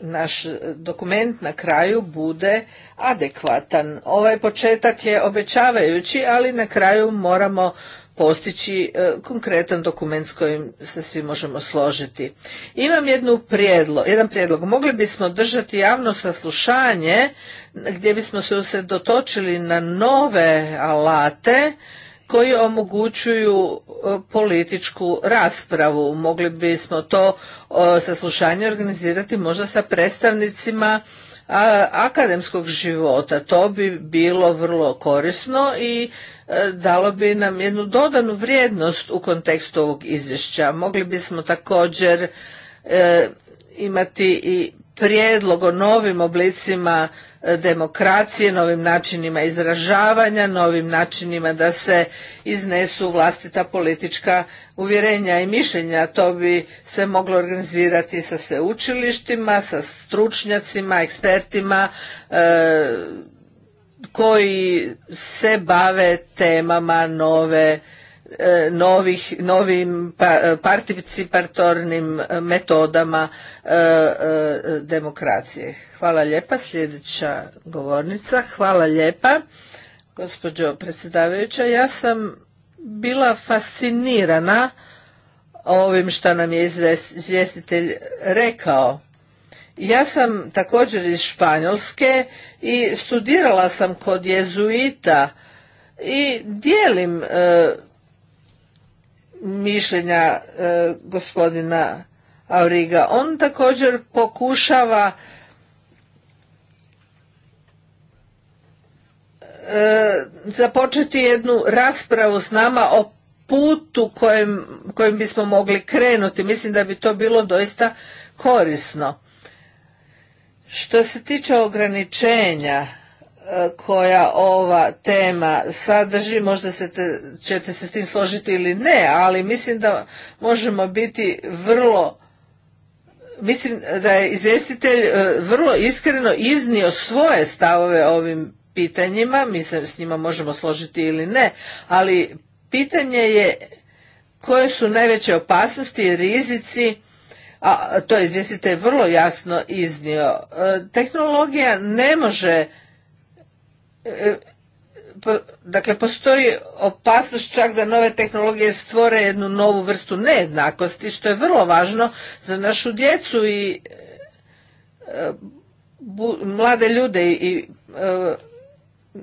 naš dokument na kraju bude adekvatan. Ovaj početak je obećavajući, ali na kraju moramo postići e, konkretan dokument s kojim se svi možemo složiti. Imam jednu prijedlog, jedan prijedlog. Mogli bismo držati javno saslušanje gdje bismo se usredotočili na nove alate koji omogućuju e, političku raspravu. Mogli bismo to e, saslušanje organizirati možda sa predstavnicima akademskog života. To bi bilo vrlo korisno i e, dalo bi nam jednu dodanu vrijednost u kontekstu ovog izvješća. Mogli bismo također imati i prijedlog o novim oblicima e, demokracije, novim načinima izražavanja, novim načinima da se iznesu vlastita politička uvjerenja i mišljenja. To bi se moglo organizirati sa sveučilištima, sa stručnjacima, ekspertima e, koji se bave temama nove E, novih, novim pa, e, participatornim metodama e, demokracije. Hvala lijepa. Sljedeća govornica. Hvala lijepa. Gospođo predsjedavajuća, ja sam bila fascinirana ovim što nam je izvjestitelj rekao. Ja sam također iz Španjolske i studirala sam kod jezuita i dijelim mišljenja e, gospodina Auriga. On također pokušava e, započeti jednu raspravu s nama o putu kojim bismo mogli krenuti. Mislim da bi to bilo doista korisno. Što se tiče ograničenja koja ova tema sadrži, možda se te, ćete se s tim složiti ili ne, ali mislim da možemo biti vrlo mislim da je izvjestitelj e, vrlo iskreno iznio svoje stavove ovim pitanjima, mi se s njima možemo složiti ili ne, ali pitanje je koje su najveće opasnosti i rizici a to je izvjestitelj vrlo jasno iznio. E, tehnologija ne može E, dakle postoji opasnost čak da nove tehnologije stvore jednu novu vrstu nejednakosti što je vrlo važno za našu djecu i e, mlade ljude i e,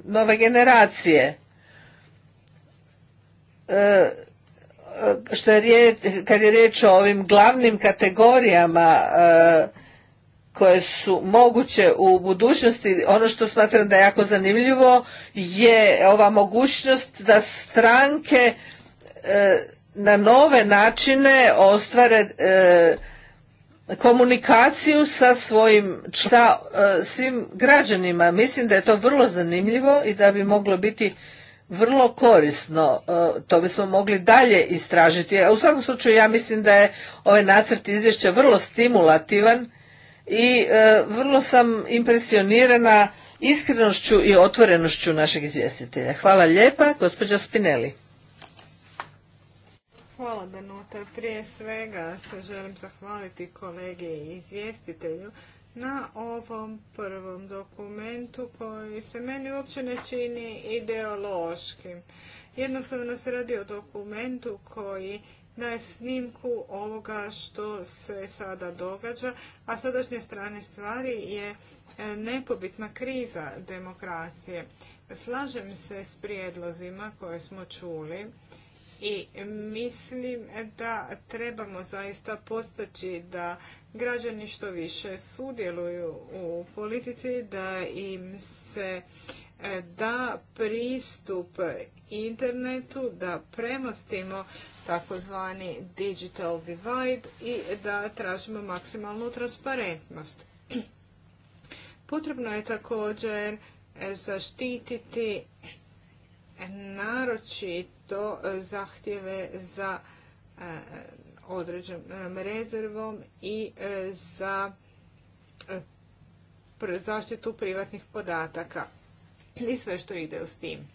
nove generacije kad je riječ o ovim glavnim kategorijama koje su moguće u budućnosti. Ono što smatram da je jako zanimljivo je ova mogućnost da stranke e, na nove načine ostvare e, komunikaciju sa svojim sa e, svim građanima. Mislim da je to vrlo zanimljivo i da bi moglo biti vrlo korisno. To bismo mogli dalje istražiti. A u svakom slučaju ja mislim da je ovaj nacrt izvješća vrlo stimulativan i e, vrlo sam impresionirana iskrenošću i otvorenošću našeg izvjestitelja. Hvala lijepa, gospođo Spinelli. Hvala Danuta. Prije svega se želim zahvaliti kolege i izvjestitelju na ovom prvom dokumentu koji se meni uopće ne čini ideološkim. Jednostavno se radi o dokumentu koji je snimku ovoga što se sada događa, a sadašnje strane stvari je e, nepobitna kriza demokracije. Slažem se s prijedlozima koje smo čuli i mislim da trebamo zaista postaći da građani što više sudjeluju u politici, da im se e, da pristup internetu, da premostimo takozvani digital divide i da tražimo maksimalnu transparentnost. Potrebno je također e, zaštititi naročito zahtjeve za e, određenom rezervom i e, za zaštitu privatnih podataka i sve što ide s tim.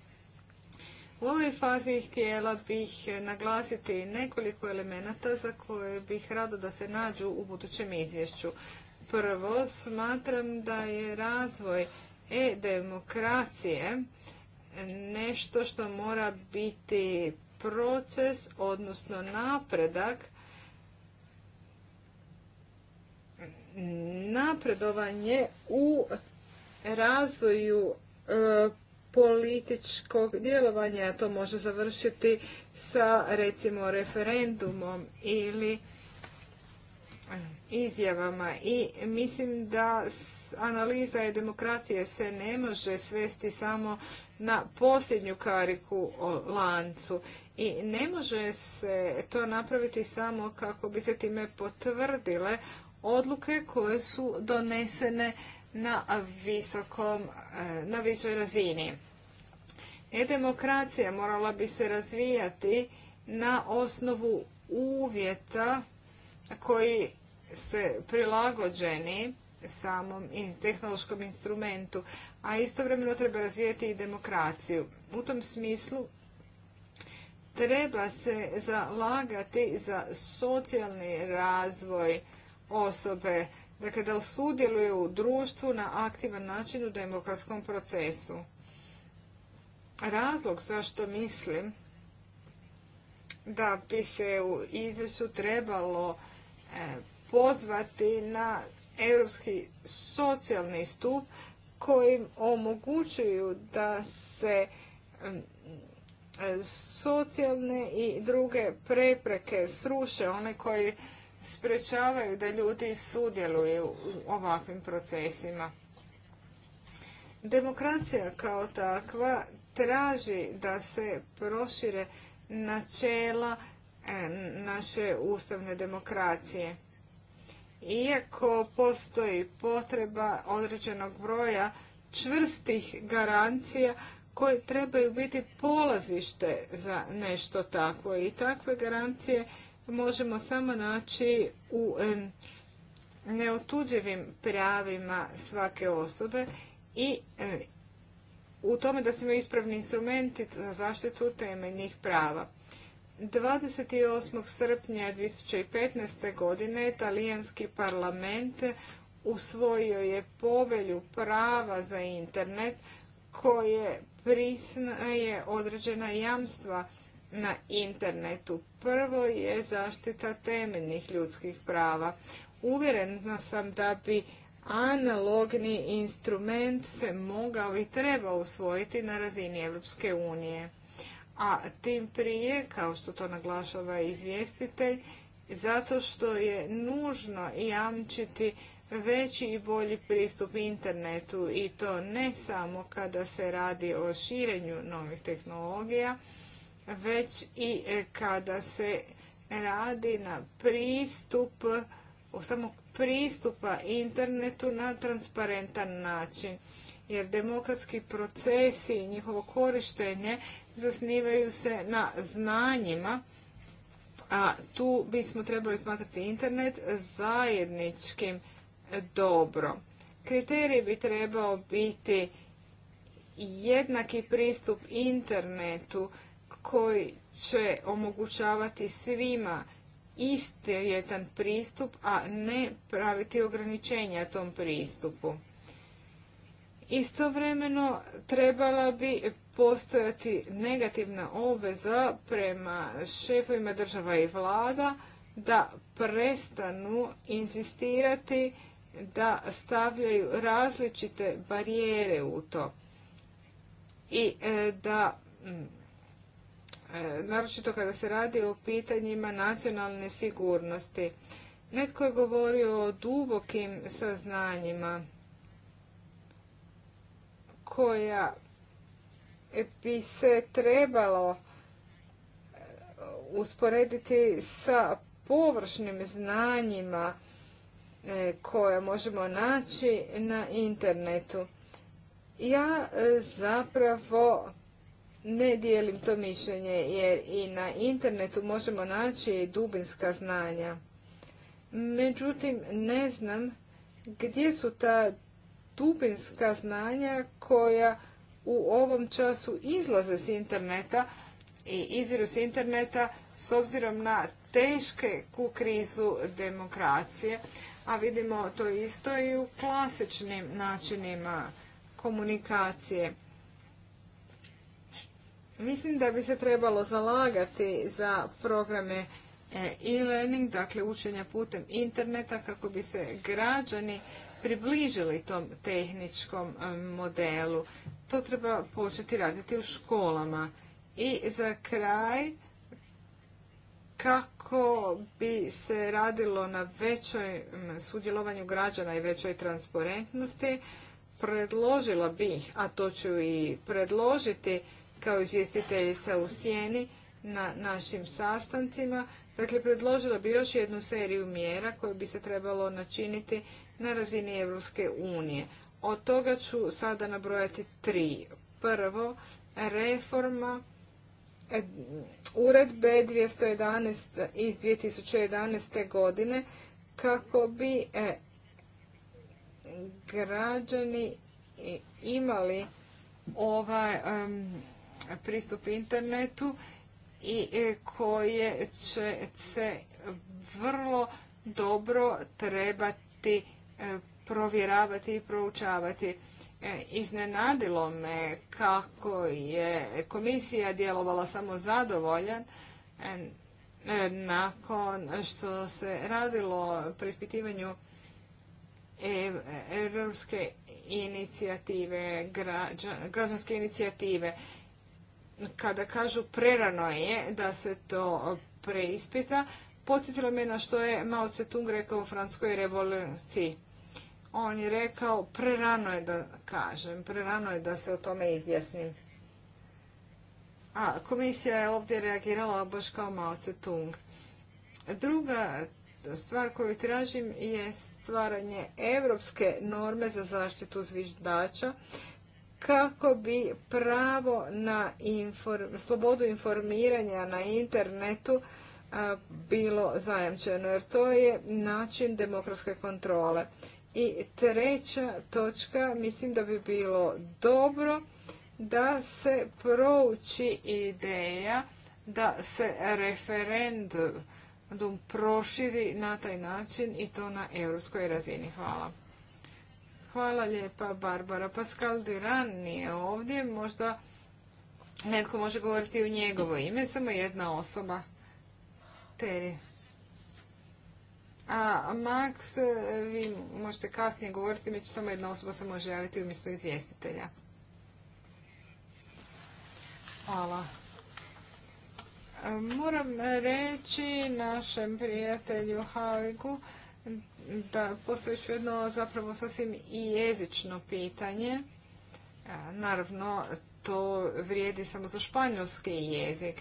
U ovoj fazi htjela bih naglasiti nekoliko elemenata za koje bih rado da se nađu u budućem izvješću. Prvo, smatram da je razvoj e-demokracije nešto što mora biti proces, odnosno napredak napredovanje u razvoju e, političkog djelovanja. To može završiti sa recimo referendumom ili izjavama i mislim da analiza i demokracije se ne može svesti samo na posljednju kariku o lancu i ne može se to napraviti samo kako bi se time potvrdile odluke koje su donesene na, visokom, eh, na višoj razini. E demokracija morala bi se razvijati na osnovu uvjeta koji su prilagođeni samom tehnološkom instrumentu, a istovremeno treba razvijati i demokraciju. U tom smislu treba se zalagati za socijalni razvoj osobe, dakle da sudjeluju u društvu na aktivan način u demokratskom procesu. Razlog zašto mislim da bi se u izvješću trebalo e, pozvati na europski socijalni stup koji omogućuju da se socijalne i druge prepreke sruše, one koje sprečavaju da ljudi sudjeluju u ovakvim procesima. Demokracija kao takva traži da se prošire načela e, naše ustavne demokracije. Iako postoji potreba određenog broja čvrstih garancija koje trebaju biti polazište za nešto takvo i takve garancije možemo samo naći u neotuđivim pravima svake osobe i u tome da smo imaju ispravni instrumenti za zaštitu temeljnih prava. 28. srpnja 2015. godine talijanski parlament usvojio je povelju prava za internet koje prisnaje određena jamstva na internetu. Prvo je zaštita temeljnih ljudskih prava. Uvjerena sam da bi analogni instrument se mogao i treba usvojiti na razini Europske unije. A tim prije, kao što to naglašava izvjestitelj, zato što je nužno jamčiti veći i bolji pristup internetu i to ne samo kada se radi o širenju novih tehnologija, već i e, kada se radi na pristup, samog pristupa internetu na transparentan način. Jer demokratski procesi i njihovo korištenje zasnivaju se na znanjima, a tu bismo trebali smatrati internet zajedničkim dobrom. Kriterij bi trebao biti jednaki pristup internetu koji će omogućavati svima isti jedan pristup, a ne praviti ograničenja tom pristupu. Istovremeno trebala bi postojati negativna obveza prema šefovima država i vlada da prestanu insistirati da stavljaju različite barijere u to i e, da E, naročito kada se radi o pitanjima nacionalne sigurnosti. Netko je govorio o dubokim saznanjima koja bi se trebalo e, usporediti sa površnim znanjima e, koje možemo naći na internetu. Ja zapravo ne dijelim to mišljenje jer i na internetu možemo naći dubinska znanja. Međutim, ne znam gdje su ta dubinska znanja koja u ovom času izlaze s interneta i iziru s interneta s obzirom na teške krizu demokracije, a vidimo to isto i u klasičnim načinima komunikacije. Mislim da bi se trebalo zalagati za programe e, e-learning, dakle učenja putem interneta kako bi se građani približili tom tehničkom e, modelu. To treba početi raditi u školama. I za kraj, kako bi se radilo na većoj sudjelovanju građana i većoj transparentnosti, predložila bih, a to ću i predložiti, kao izvjestiteljica u sjeni na našim sastancima. Dakle, predložila bi još jednu seriju mjera koje bi se trebalo načiniti na razini Europske unije. Od toga ću sada nabrojati tri. Prvo, reforma e, uredbe 211 iz 2011. godine kako bi e, građani imali ovaj pristup internetu i e, koje će se vrlo dobro trebati e, provjeravati i proučavati. E, iznenadilo me kako je komisija djelovala samo zadovoljan nakon što se radilo o preispitivanju europske inicijative, građanske inicijative kada kažu prerano je da se to preispita, podsjetilo me na što je Mao Tse-tung rekao u Francuskoj revoluciji. On je rekao prerano je da kažem, prerano je da se o tome izjasnim. A komisija je ovdje reagirala baš kao Mao Tse-tung. Druga stvar koju tražim je stvaranje europske norme za zaštitu zviždača kako bi pravo na inform, slobodu informiranja na internetu bilo zajamčeno, jer to je način demokratske kontrole. I treća točka, mislim da bi bilo dobro da se prouči ideja da se referendum proširi na taj način i to na europskoj razini. Hvala. Hvala lijepa, Barbara. Pascal Duran nije ovdje, možda netko može govoriti u njegovo ime, samo jedna osoba. Teri. A Max, vi možete kasnije govoriti, među samo jedna osoba se može javiti umjesto izvjestitelja. Hvala. Moram reći našem prijatelju Haviku da postoji ću jedno zapravo sasvim i jezično pitanje. E, naravno, to vrijedi samo za španjolski jezik.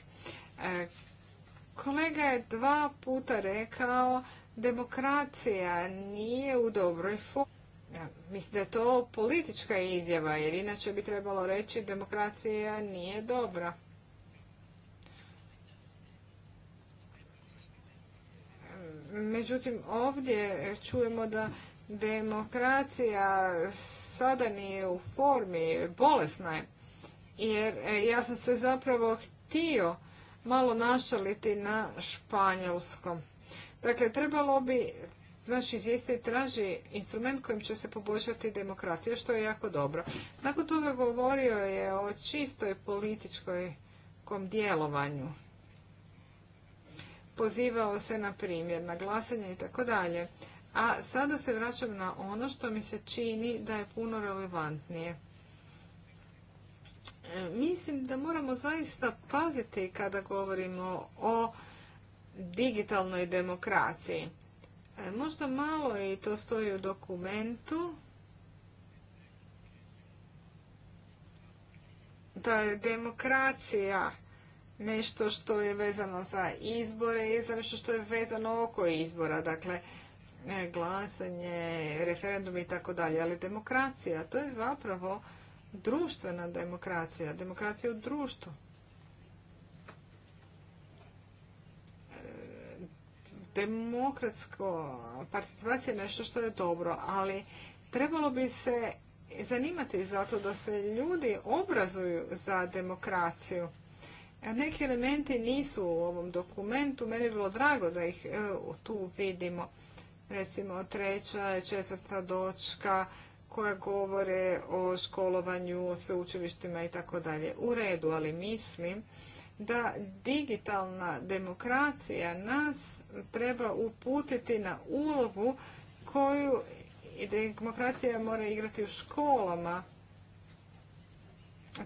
E, kolega je dva puta rekao demokracija nije u dobroj formi. Mislim da je to politička izjava, jer inače bi trebalo reći demokracija nije dobra. Međutim, ovdje čujemo da demokracija sada nije u formi, bolesna je. Jer e, ja sam se zapravo htio malo našaliti na španjolskom. Dakle, trebalo bi, naš izvijestaj traži instrument kojim će se poboljšati demokracija, što je jako dobro. Nakon toga govorio je o čistoj političkom djelovanju pozivao se na primjer, na glasanje i tako dalje. A sada se vraćam na ono što mi se čini da je puno relevantnije. E, mislim da moramo zaista paziti kada govorimo o digitalnoj demokraciji. E, možda malo i to stoji u dokumentu. Da je demokracija nešto što je vezano za izbore i za nešto što je vezano oko izbora, dakle e, glasanje, referendum i tako dalje. Ali demokracija, to je zapravo društvena demokracija, demokracija u društvu. E, demokratsko participacija je nešto što je dobro, ali trebalo bi se zanimati zato da se ljudi obrazuju za demokraciju. Neki elementi nisu u ovom dokumentu, meni je bilo drago da ih e, tu vidimo. Recimo treća četvrta dočka koja govore o školovanju, o sveučilištima i tako dalje. U redu, ali mislim da digitalna demokracija nas treba uputiti na ulogu koju demokracija mora igrati u školama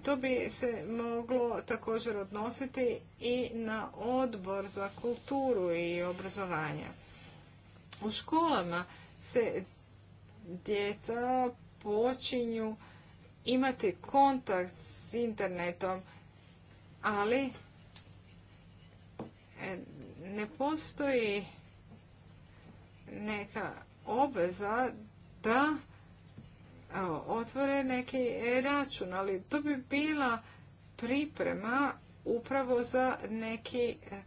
to bi se moglo također odnositi i na odbor za kulturu i obrazovanje. U školama se djeca počinju imati kontakt s internetom, ali e, ne postoji neka obveza da otvore neki račun, ali to bi bila priprema upravo za neki eh,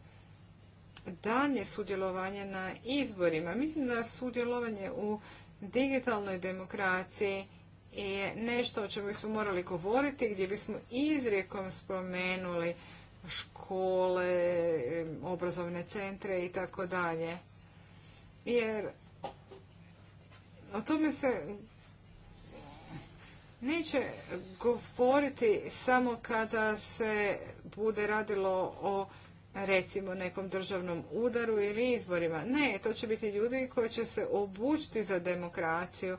danje sudjelovanje na izborima. Mislim da sudjelovanje u digitalnoj demokraciji je nešto o čemu bismo morali govoriti, gdje bismo izrijekom spomenuli škole, eh, obrazovne centre i tako dalje. Jer o tome se neće govoriti samo kada se bude radilo o recimo nekom državnom udaru ili izborima. Ne, to će biti ljudi koji će se obučiti za demokraciju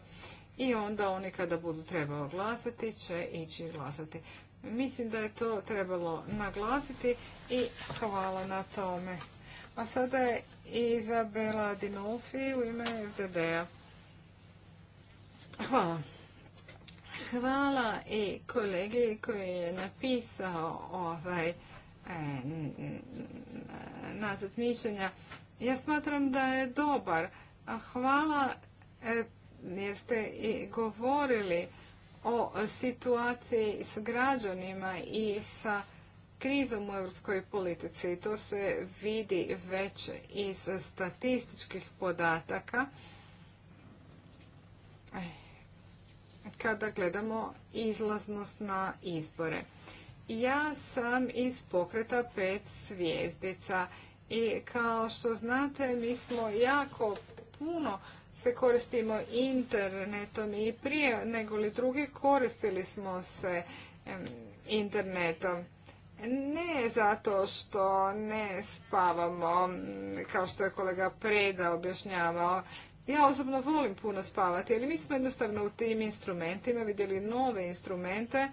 i onda oni kada budu trebao glasati će ići glasati. Mislim da je to trebalo naglasiti i hvala na tome. A sada je Izabela Dinofi u ime FDD-a. Hvala. Hvala i kolegi koji je napisao ovaj e, nazad mišljenja. Ja smatram da je dobar. Hvala e, jer ste i govorili o situaciji s građanima i sa krizom u europskoj politici. To se vidi već iz statističkih podataka. E, kada gledamo izlaznost na izbore. Ja sam iz pokreta pet svijezdica i kao što znate mi smo jako puno se koristimo internetom i prije nego li drugi koristili smo se internetom. Ne zato što ne spavamo, kao što je kolega Preda objašnjavao, ja osobno volim puno spavati, ali mi smo jednostavno u tim instrumentima vidjeli nove instrumente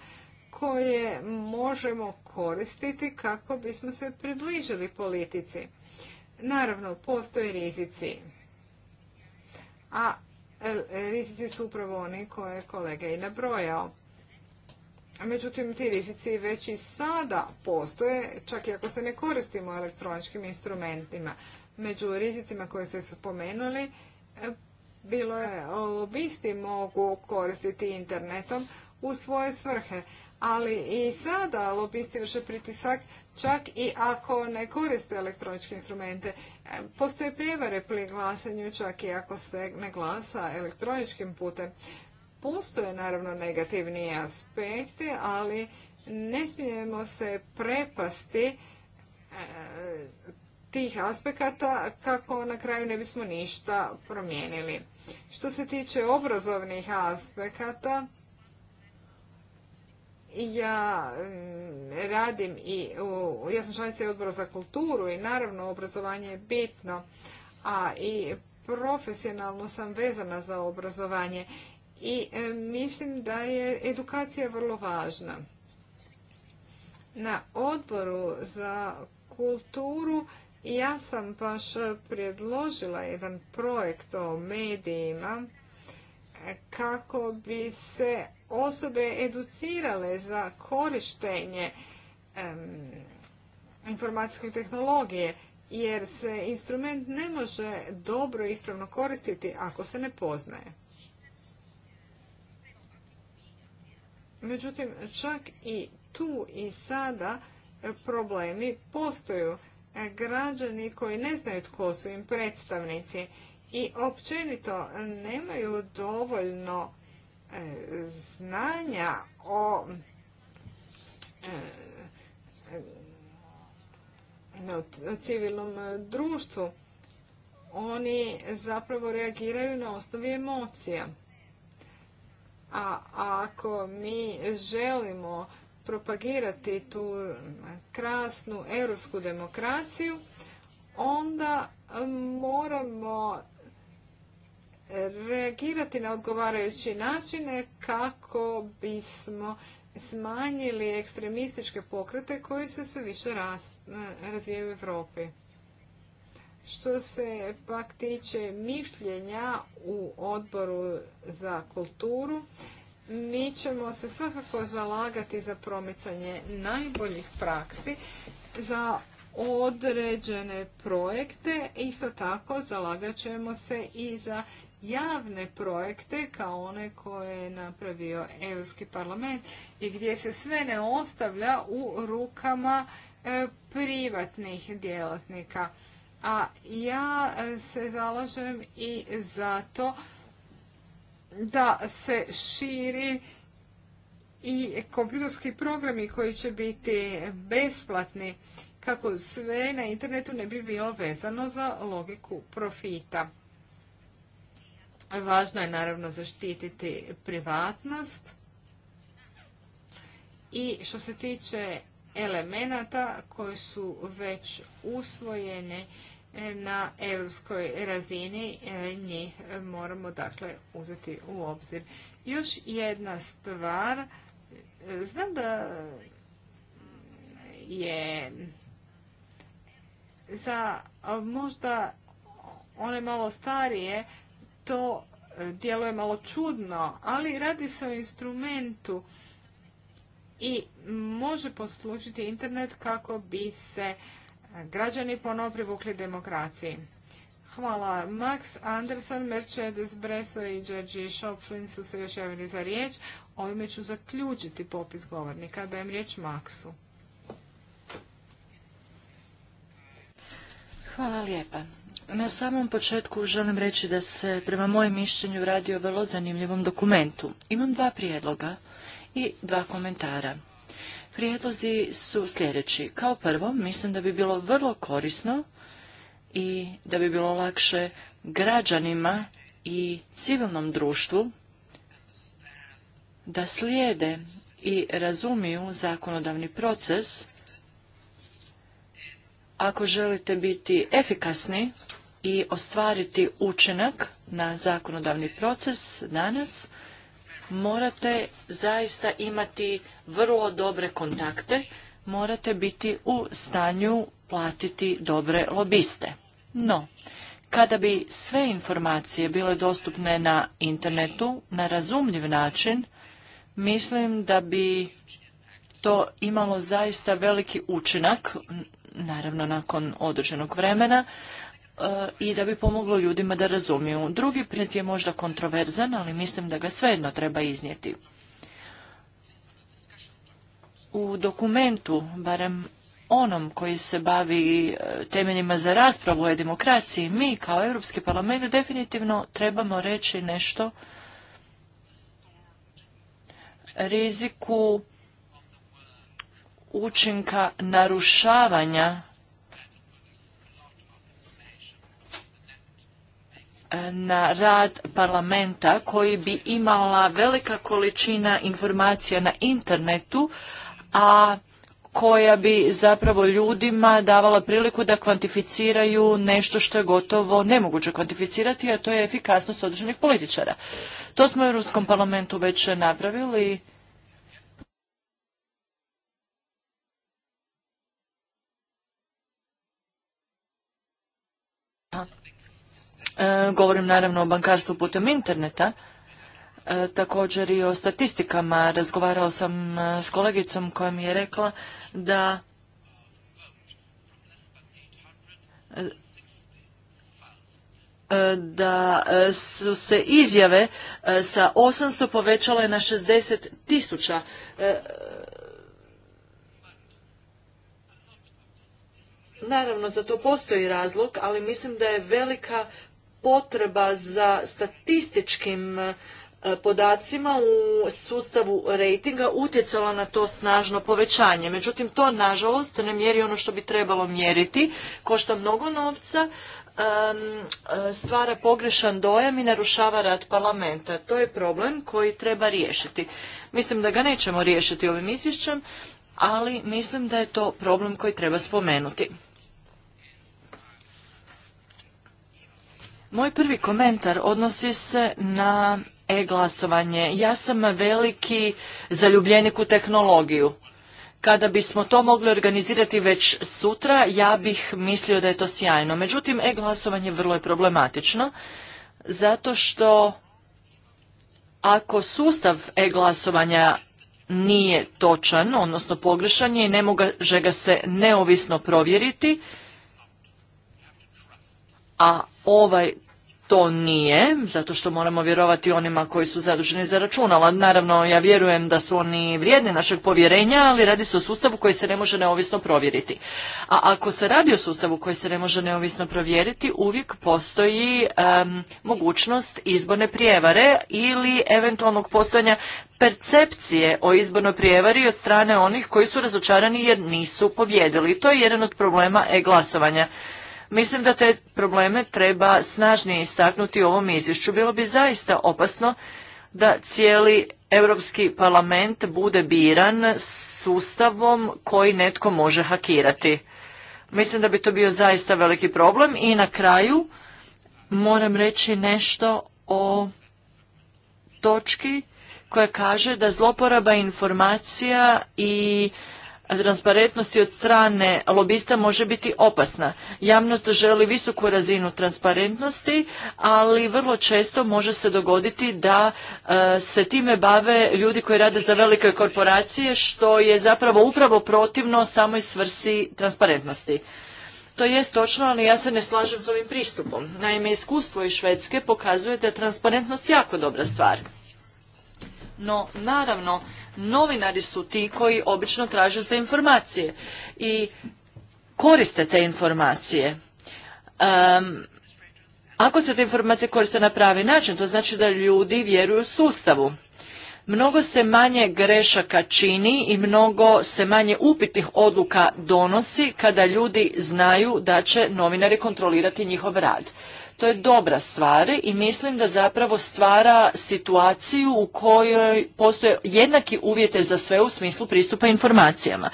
koje možemo koristiti kako bismo se približili politici. Naravno, postoje rizici. A e, rizici su upravo oni koje je kolega i nabrojao. Međutim, ti rizici već i sada postoje, čak i ako se ne koristimo elektroničkim instrumentima. Među rizicima koje ste spomenuli bilo je, e, lobisti mogu koristiti internetom u svoje svrhe. Ali i sada lobisti vrše pritisak čak i ako ne koriste elektroničke instrumente. E, postoje prijevare pri glasanju čak i ako se ne glasa elektroničkim putem. Postoje naravno negativni aspekti, ali ne smijemo se prepasti e, tih aspekata kako na kraju ne bismo ništa promijenili. Što se tiče obrazovnih aspekata, ja mm, radim i u, ja sam članica odbora za kulturu i naravno obrazovanje je bitno, a i profesionalno sam vezana za obrazovanje i e, mislim da je edukacija vrlo važna. Na odboru za kulturu ja sam baš predložila jedan projekt o medijima kako bi se osobe educirale za korištenje informacijske tehnologije jer se instrument ne može dobro i ispravno koristiti ako se ne poznaje. Međutim, čak i tu i sada problemi postoju građani koji ne znaju tko su im predstavnici i općenito nemaju dovoljno e, znanja e, e, o civilnom društvu. Oni zapravo reagiraju na osnovi emocija. A ako mi želimo propagirati tu e, krasnu europsku demokraciju, onda e, moramo e, reagirati na odgovarajući načine kako bismo smanjili ekstremističke pokrete koji se sve više razvijaju u Europi. Što se pak tiče mišljenja u odboru za kulturu, mi ćemo se svakako zalagati za promicanje najboljih praksi za određene projekte. Isto tako zalagat ćemo se i za javne projekte kao one koje je napravio Europski parlament i gdje se sve ne ostavlja u rukama e, privatnih djelatnika. A ja e, se zalažem i za to da se širi i kompjuterski programi koji će biti besplatni kako sve na internetu ne bi bilo vezano za logiku profita. Važno je naravno zaštititi privatnost i što se tiče elemenata koji su već usvojene na europskoj razini e, njih moramo dakle uzeti u obzir. Još jedna stvar, znam da je za možda one malo starije to djeluje malo čudno, ali radi se o instrumentu i može poslužiti internet kako bi se građani ponovo privukli demokraciji. Hvala. Max Anderson, Mercedes Bresa i Đerđi Shopflin su se još javili za riječ. Ovime ću zaključiti popis govornika. Dajem riječ Maxu. Hvala lijepa. Na samom početku želim reći da se prema mojem mišljenju radi o vrlo zanimljivom dokumentu. Imam dva prijedloga i dva komentara. Prijedlozi su sljedeći. Kao prvo, mislim da bi bilo vrlo korisno i da bi bilo lakše građanima i civilnom društvu da slijede i razumiju zakonodavni proces ako želite biti efikasni i ostvariti učinak na zakonodavni proces danas morate zaista imati vrlo dobre kontakte, morate biti u stanju platiti dobre lobiste. No, kada bi sve informacije bile dostupne na internetu na razumljiv način, mislim da bi to imalo zaista veliki učinak, naravno nakon određenog vremena, E, i da bi pomoglo ljudima da razumiju. Drugi primjet je možda kontroverzan, ali mislim da ga svejedno treba iznijeti. U dokumentu, barem onom koji se bavi e, temeljima za raspravu o demokraciji, mi kao Europski parlament definitivno trebamo reći nešto riziku učinka narušavanja na rad parlamenta koji bi imala velika količina informacija na internetu, a koja bi zapravo ljudima davala priliku da kvantificiraju nešto što je gotovo nemoguće kvantificirati, a to je efikasnost određenih političara. To smo u Europskom parlamentu već napravili E, govorim naravno o bankarstvu putem interneta, e, također i o statistikama. Razgovarao sam e, s kolegicom koja mi je rekla da da su se izjave sa 800 povećale na 60 tisuća. Naravno, za to postoji razlog, ali mislim da je velika potreba za statističkim e, podacima u sustavu rejtinga utjecala na to snažno povećanje. Međutim, to nažalost ne mjeri ono što bi trebalo mjeriti. Košta mnogo novca, e, stvara pogrešan dojam i narušava rad parlamenta. To je problem koji treba riješiti. Mislim da ga nećemo riješiti ovim izvješćem, ali mislim da je to problem koji treba spomenuti. Moj prvi komentar odnosi se na e-glasovanje. Ja sam veliki zaljubljenik u tehnologiju. Kada bismo to mogli organizirati već sutra, ja bih mislio da je to sjajno. Međutim, e-glasovanje vrlo je problematično, zato što ako sustav e-glasovanja nije točan, odnosno pogrešan je i ne može ga se neovisno provjeriti, a ovaj to nije, zato što moramo vjerovati onima koji su zaduženi za računala. Naravno, ja vjerujem da su oni vrijedni našeg povjerenja, ali radi se o sustavu koji se ne može neovisno provjeriti. A ako se radi o sustavu koji se ne može neovisno provjeriti, uvijek postoji mogućnost izborne prijevare ili eventualnog postojanja percepcije o izbornoj prijevari od strane onih koji su razočarani jer nisu pobjedili. to je jedan od problema e-glasovanja. Mislim da te probleme treba snažnije istaknuti u ovom izvješću. Bilo bi zaista opasno da cijeli Europski parlament bude biran sustavom koji netko može hakirati. Mislim da bi to bio zaista veliki problem i na kraju moram reći nešto o točki koja kaže da zloporaba informacija i transparentnosti od strane lobista može biti opasna. Javnost želi visoku razinu transparentnosti, ali vrlo često može se dogoditi da e, se time bave ljudi koji rade za velike korporacije, što je zapravo upravo protivno samoj svrsi transparentnosti. To je točno, ali ja se ne slažem s ovim pristupom. Naime, iskustvo iz Švedske pokazuje da je transparentnost jako dobra stvar. No, naravno, novinari su ti koji obično traže za informacije i koriste te informacije. ako se te informacije koriste na pravi način, to znači da ljudi vjeruju sustavu. Mnogo se manje grešaka čini i mnogo se manje upitnih odluka donosi kada ljudi znaju da će novinari kontrolirati njihov rad. To je dobra stvar i mislim da zapravo stvara situaciju u kojoj postoje jednaki uvjete za sve u smislu pristupa informacijama.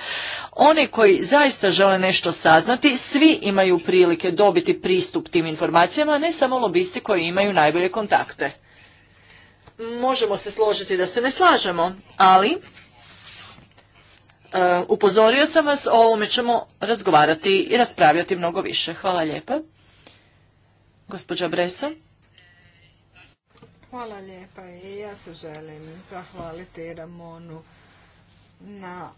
Oni koji zaista žele nešto saznati, svi imaju prilike dobiti pristup tim informacijama, a ne samo lobisti koji imaju najbolje kontakte. Možemo se složiti da se ne slažemo, ali e, upozorio sam vas, o ovome ćemo razgovarati i raspravljati mnogo više. Hvala lijepa. Gospođa Breso. Hvala lijepa i ja se želim zahvaliti Ramonu na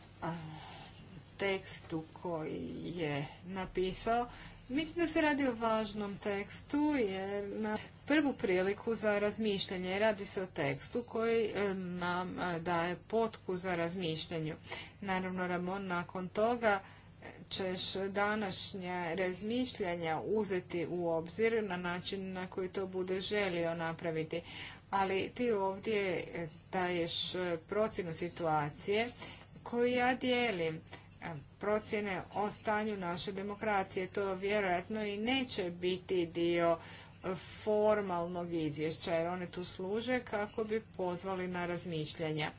tekstu koji je napisao. Mislim da se radi o važnom tekstu jer na prvu priliku za razmišljanje radi se o tekstu koji e, nam daje potku za razmišljanju. Naravno, Ramon nakon toga ćeš današnje razmišljanja uzeti u obzir na način na koji to bude želio napraviti. Ali ti ovdje daješ procjenu situacije koju ja dijelim. E, procjene o stanju naše demokracije to vjerojatno i neće biti dio formalnog izvješća jer one tu služe kako bi pozvali na razmišljanja.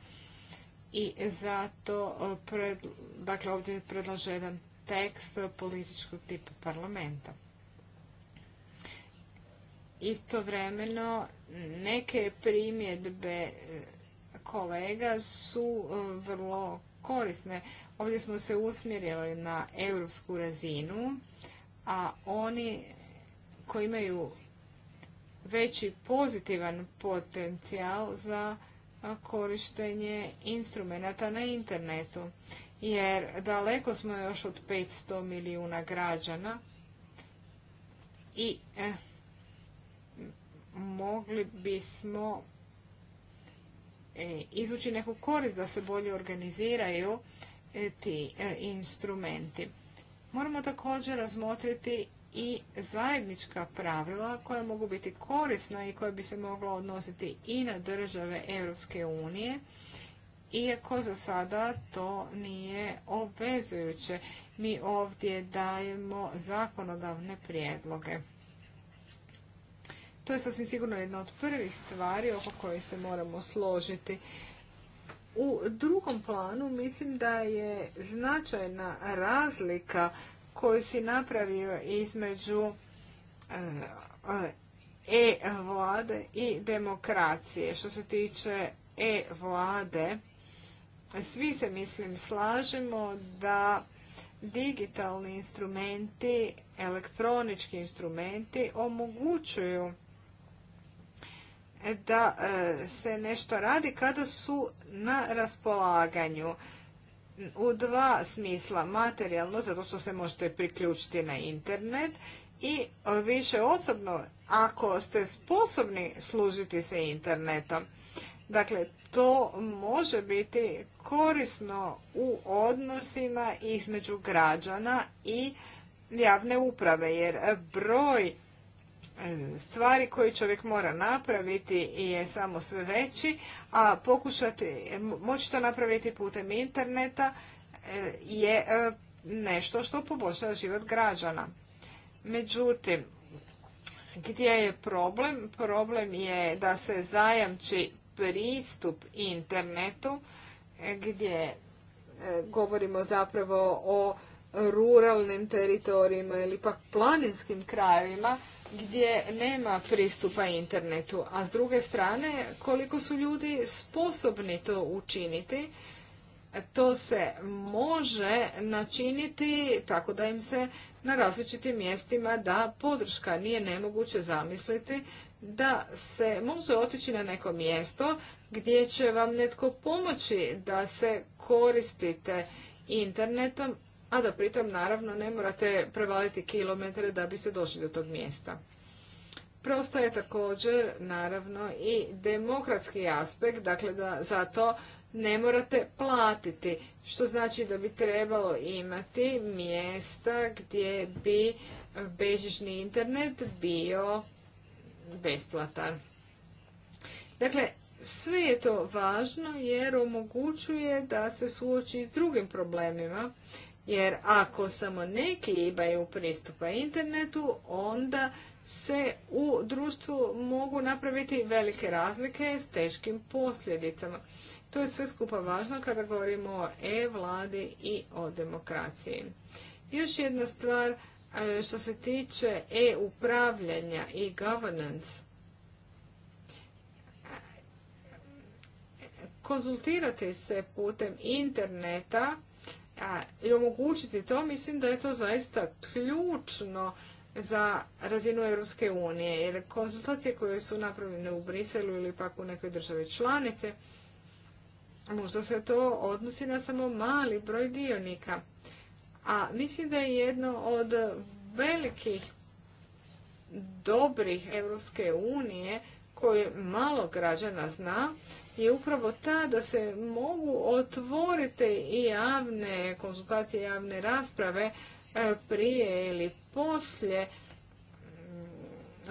I zato, e, dakle ovdje predlaže jedan tekst političkog tipa parlamenta. Istovremeno neke primjedbe e, kolega su e, vrlo korisne. Ovdje smo se usmjerili na europsku razinu, a oni koji imaju veći pozitivan potencijal za korištenje instrumenta na internetu jer daleko smo još od 500 milijuna građana i e, mogli bismo e, izvući neku korist da se bolje organiziraju e, ti instrumenti. Moramo također razmotriti i zajednička pravila koja mogu biti korisna i koja bi se mogla odnositi i na države Europske unije iako za sada to nije obvezujuće. Mi ovdje dajemo zakonodavne prijedloge. To je sasvim sigurno jedna od prvih stvari oko koje se moramo složiti. U drugom planu mislim da je značajna razlika koju si napravio između e, e-vlade i demokracije. Što se tiče e-vlade, svi se, mislim, slažemo da digitalni instrumenti, elektronički instrumenti omogućuju da e, se nešto radi kada su na raspolaganju u dva smisla. Materijalno, zato što se možete priključiti na internet i više osobno ako ste sposobni služiti se internetom. Dakle, to može biti korisno u odnosima između građana i javne uprave, jer broj e, stvari koje čovjek mora napraviti je samo sve veći, a pokušati, moći to napraviti putem interneta e, je e, nešto što poboljšava život građana. Međutim, gdje je problem? Problem je da se zajamči pristup internetu e, gdje e, govorimo zapravo o ruralnim teritorijima ili pak planinskim krajevima gdje nema pristupa internetu. A s druge strane, koliko su ljudi sposobni to učiniti, to se može načiniti tako da im se na različitim mjestima da podrška. Nije nemoguće zamisliti da se može otići na neko mjesto gdje će vam netko pomoći da se koristite internetom, a da pritom naravno ne morate prevaliti kilometre da biste došli do tog mjesta. je također naravno i demokratski aspekt, dakle da za to ne morate platiti, što znači da bi trebalo imati mjesta gdje bi bežični internet bio besplatan. Dakle, sve je to važno jer omogućuje da se suoči s drugim problemima, jer ako samo neki imaju pristupa internetu, onda se u društvu mogu napraviti velike razlike s teškim posljedicama. To je sve skupa važno kada govorimo o e-vladi i o demokraciji. Još jedna stvar E, što se tiče e-upravljanja i governance, konzultirati se putem interneta i omogućiti to, mislim da je to zaista ključno za razinu Europske unije, jer konzultacije koje su napravljene u Briselu ili pak u nekoj državi članice, možda se to odnosi na samo mali broj dionika. A mislim da je jedno od velikih dobrih Europske unije koje malo građana zna je upravo ta da se mogu otvoriti i javne konzultacije, javne rasprave e, prije ili poslije mm,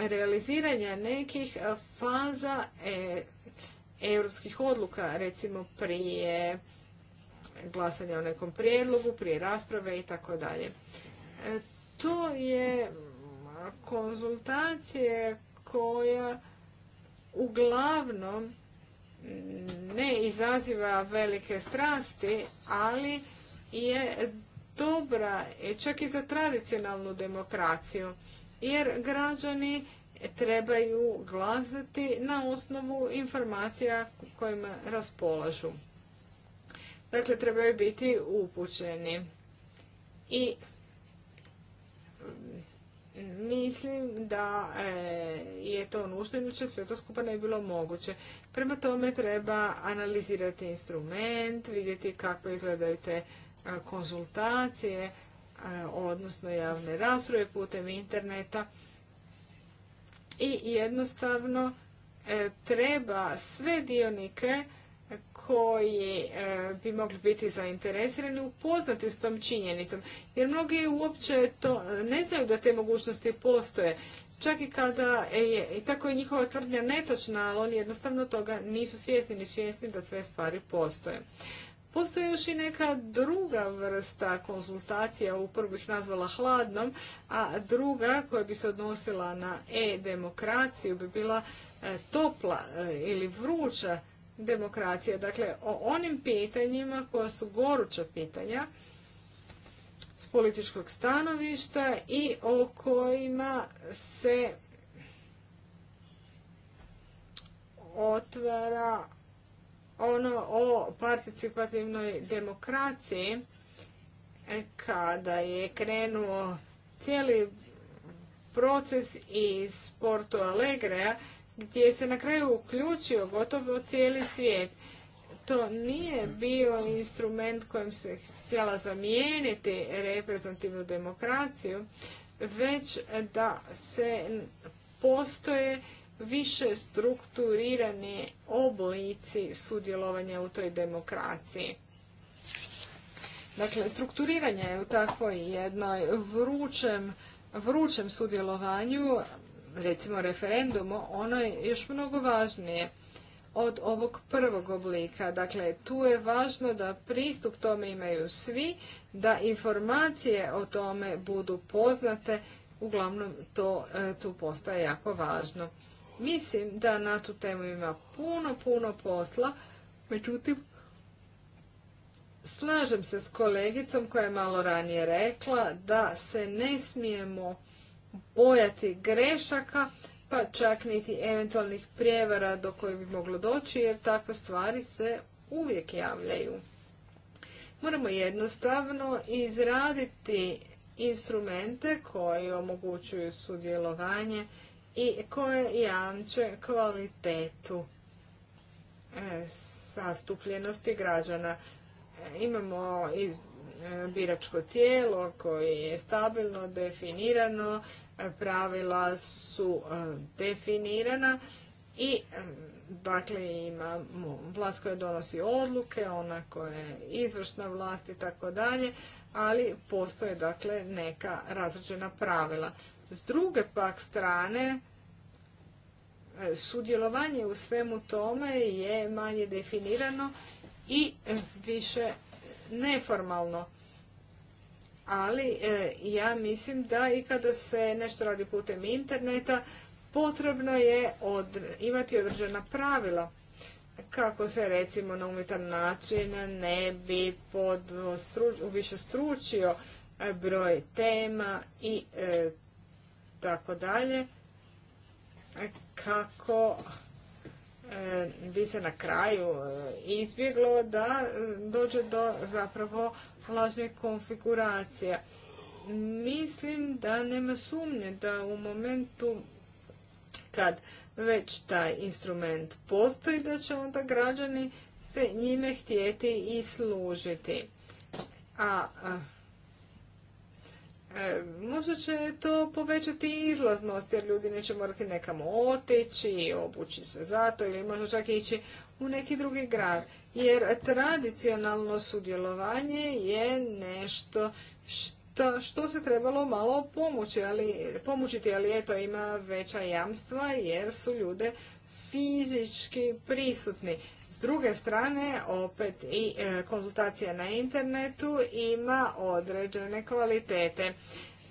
realiziranja nekih faza europskih odluka, recimo prije glasanja o nekom prijedlogu, prije rasprave i tako dalje. E, to je konzultacije koja uglavnom ne izaziva velike strasti, ali je dobra e, čak i za tradicionalnu demokraciju, jer građani trebaju glasati na osnovu informacija kojima raspolažu. Dakle, trebaju biti upućeni. I mislim da e, je to nužno, inače sve to skupa ne bi bilo moguće. Prema tome treba analizirati instrument, vidjeti kako izgledaju te e, konzultacije, e, odnosno javne rasprave putem interneta i jednostavno treba sve dionike koji e, bi mogli biti zainteresirani upoznati s tom činjenicom. Jer mnogi uopće to e, ne znaju da te mogućnosti postoje. Čak i kada je, i tako je njihova tvrdnja netočna, ali oni jednostavno toga nisu svjesni ni svjesni da sve stvari postoje. Postoji još i neka druga vrsta konzultacija, u prvih nazvala hladnom, a druga koja bi se odnosila na e-demokraciju bi bila e, topla ili vruća demokracije. Dakle, o onim pitanjima koja su goruća pitanja s političkog stanovišta i o kojima se otvara ono o participativnoj demokraciji e, kada je krenuo cijeli proces iz Porto Alegre gdje se na kraju uključio gotovo cijeli svijet. To nije bio instrument kojim se htjela zamijeniti reprezentativnu demokraciju, već da se postoje više strukturirani oblici sudjelovanja u toj demokraciji. Dakle, strukturiranje je u takvoj jednoj vrućem, vrućem sudjelovanju recimo referendumu, ono je još mnogo važnije od ovog prvog oblika. Dakle, tu je važno da pristup tome imaju svi, da informacije o tome budu poznate, uglavnom to e, tu postaje jako važno. Mislim da na tu temu ima puno, puno posla, međutim, slažem se s kolegicom koja je malo ranije rekla da se ne smijemo bojati grešaka, pa čak niti eventualnih prijevara do koje bi moglo doći, jer takve stvari se uvijek javljaju. Moramo jednostavno izraditi instrumente koji omogućuju sudjelovanje i koje jamče kvalitetu sastupljenosti e, građana. E, imamo iz biračko tijelo koje je stabilno definirano, pravila su e, definirana i e, dakle ima vlast koja donosi odluke, ona koja je izvršna vlast i tako dalje, ali postoje dakle neka razređena pravila. S druge pak strane, e, sudjelovanje u svemu tome je manje definirano i više neformalno. Ali e, ja mislim da i kada se nešto radi putem interneta, potrebno je imati određena pravila kako se recimo na umjetan način ne bi pod, više stručio e, broj tema i e, tako dalje kako E, bi se na kraju e, izbjeglo da e, dođe do zapravo lažnih konfiguracija. Mislim da nema sumnje da u momentu kad već taj instrument postoji, da će onda građani se njime htjeti i služiti. A E, možda će to povećati izlaznost jer ljudi neće morati nekamo otići, obući se zato ili možda čak ići u neki drugi grad. Jer tradicionalno sudjelovanje je nešto što, se trebalo malo pomoći, ali, pomoćiti, ali eto ima veća jamstva jer su ljude fizički prisutni. S druge strane, opet i e, konzultacija na internetu ima određene kvalitete.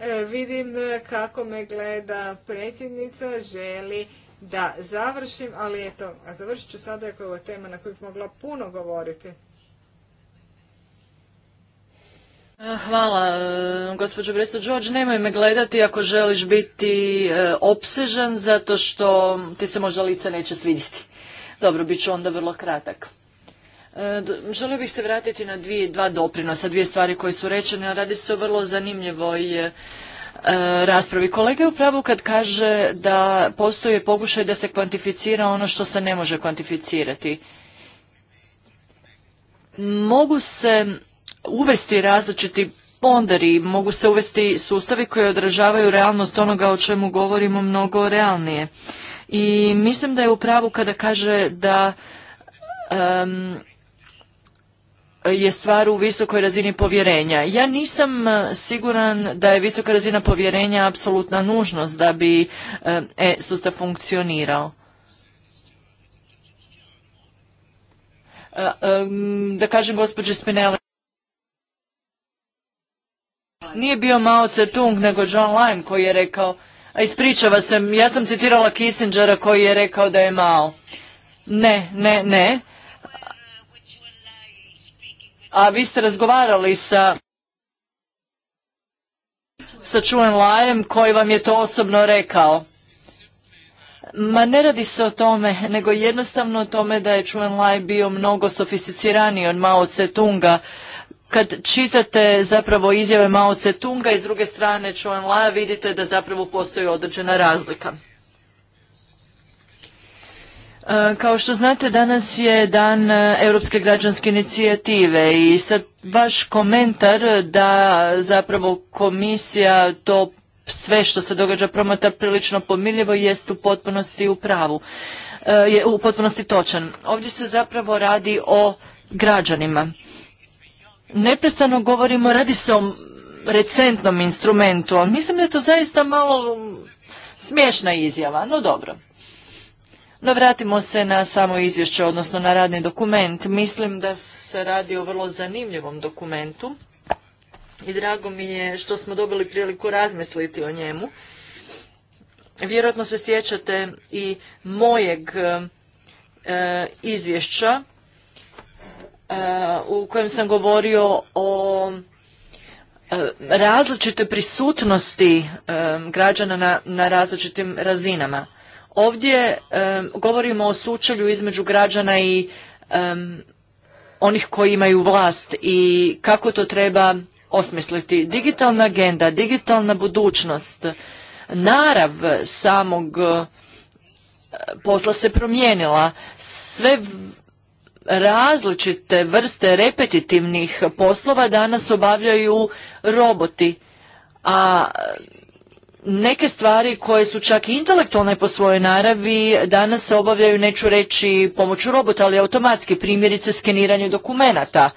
E, vidim e, kako me gleda predsjednica, želi da završim, ali eto, a završit ću sada ako je ovo tema na koju bih mogla puno govoriti. E, hvala, e, gospođo Bresto George. Nemoj me gledati ako želiš biti e, opsežan, zato što ti se možda lica neće svidjeti. Dobro, bit ću onda vrlo kratak. Želio bih se vratiti na dvije, dva doprinosa, dvije stvari koje su rečene. a Radi se o vrlo zanimljivoj raspravi. Kolega je u pravu kad kaže da postoje pokušaj da se kvantificira ono što se ne može kvantificirati. Mogu se uvesti različiti ponderi, mogu se uvesti sustavi koji odražavaju realnost onoga o čemu govorimo mnogo realnije. I mislim da je u pravu kada kaže da je stvar u visokoj razini povjerenja. Ja nisam e, siguran da je visoka razina povjerenja apsolutna nužnost da bi e, sustav funkcionirao. da kažem gospođe Spinele, nije bio Mao Tse-tung nego John Lime koji je rekao, a ispričava se, ja sam citirala Kissingera koji je rekao da je Mao. Ne, ne, ne. A vi ste razgovarali sa sa Chuen Lajem koji vam je to osobno rekao. Ma ne radi se o tome, nego jednostavno o tome da je Chuen Lai bio mnogo sofisticiraniji od Mao Tse Tunga kad čitate zapravo izjave Mao Tse Tunga i s druge strane Chuan La vidite da zapravo postoji određena razlika. E, kao što znate, danas je dan e, Europske građanske inicijative i sad vaš komentar da zapravo komisija to sve što se događa promata prilično pomirljivo jest u potpunosti u pravu, e, je u potpunosti točan. Ovdje se zapravo radi o građanima neprestano govorimo, radi se o recentnom instrumentu, ali mislim da je to zaista malo smiješna izjava, no dobro. No vratimo se na samo izvješće, odnosno na radni dokument. Mislim da se radi o vrlo zanimljivom dokumentu i drago mi je što smo dobili priliku razmisliti o njemu. Vjerojatno se sjećate i mojeg eh, izvješća u kojem sam govorio o e, različitoj prisutnosti e, građana na, na različitim razinama. Ovdje e, govorimo o sučelju između građana i onih koji imaju vlast i kako to treba osmisliti. Digitalna agenda, digitalna budućnost, narav samog posla se promijenila. Sve različite vrste repetitivnih poslova danas obavljaju roboti, a neke stvari koje su čak i intelektualne po svojoj naravi danas se obavljaju, neću reći pomoću robota, ali automatski, primjerice skeniranje dokumenata.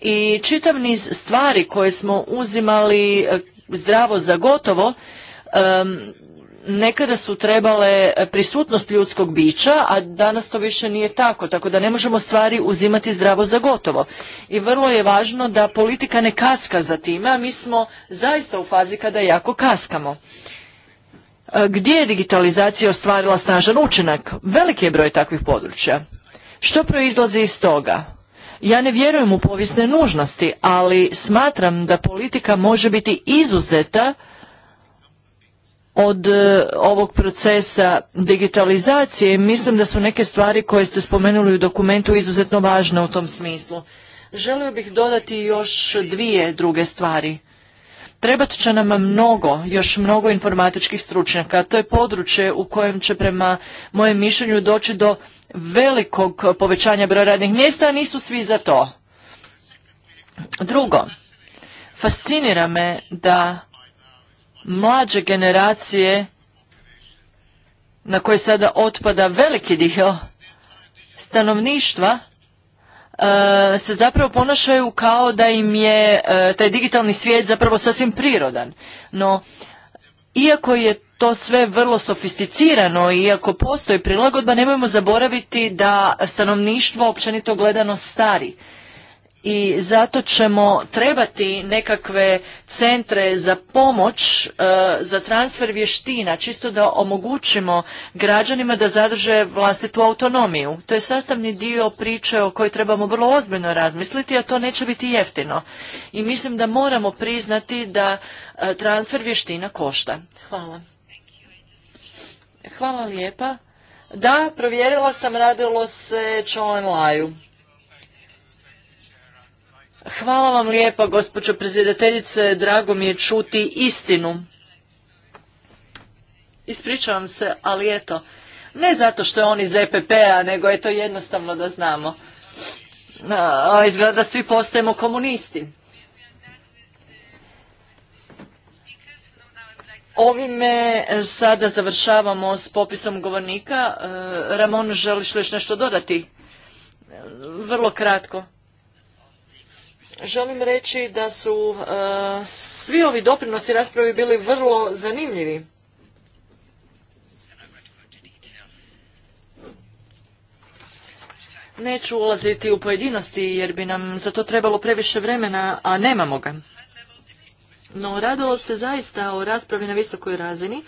I čitav niz stvari koje smo uzimali eh, zdravo za gotovo, nekada su trebale e, prisutnost ljudskog bića, a danas to više nije tako, tako da ne možemo stvari uzimati zdravo za gotovo. I vrlo je važno da politika ne kaska za time, a mi smo zaista u fazi kada jako kaskamo. E, gdje je digitalizacija ostvarila snažan učinak? Veliki je broj takvih područja. Što proizlazi iz toga? Ja ne vjerujem u povijesne nužnosti, ali smatram da politika može biti izuzeta od e, ovog procesa digitalizacije. Mislim da su neke stvari koje ste spomenuli u dokumentu izuzetno važne u tom smislu. Želio bih dodati još dvije druge stvari. Trebat će nam mnogo, još mnogo informatičkih stručnjaka. To je područje u kojem će prema mojem mišljenju doći do velikog povećanja broja radnih mjesta, a nisu svi za to. Drugo, fascinira me da mlađe generacije na koje sada otpada veliki dio stanovništva e, se zapravo ponašaju kao da im je e, taj digitalni svijet zapravo sasvim prirodan. No, iako je to sve vrlo sofisticirano iako postoji prilagodba, nemojmo zaboraviti da stanovništvo općenito gledano stari i zato ćemo trebati nekakve centre za pomoć e, za transfer vještina čisto da omogućimo građanima da zadrže vlastitu autonomiju to je sastavni dio priče o kojoj trebamo vrlo ozbiljno razmisliti a to neće biti jeftino i mislim da moramo priznati da e, transfer vještina košta hvala hvala lijepa da provjerila sam radilo se Laju. Hvala vam lijepa, gospođo predsjedateljice, drago mi je čuti istinu. Ispričavam se, ali eto, ne zato što je on iz EPP-a, nego je to jednostavno da znamo. A, izgleda da svi postajemo komunisti. Ovime sada završavamo s popisom govornika. E, Ramon, želiš li još nešto dodati? Vrlo kratko želim reći da su e, svi ovi doprinosi raspravi bili vrlo zanimljivi. Neću ulaziti u pojedinosti jer bi nam za to trebalo previše vremena, a nemamo ga. No, radilo se zaista o raspravi na visokoj razini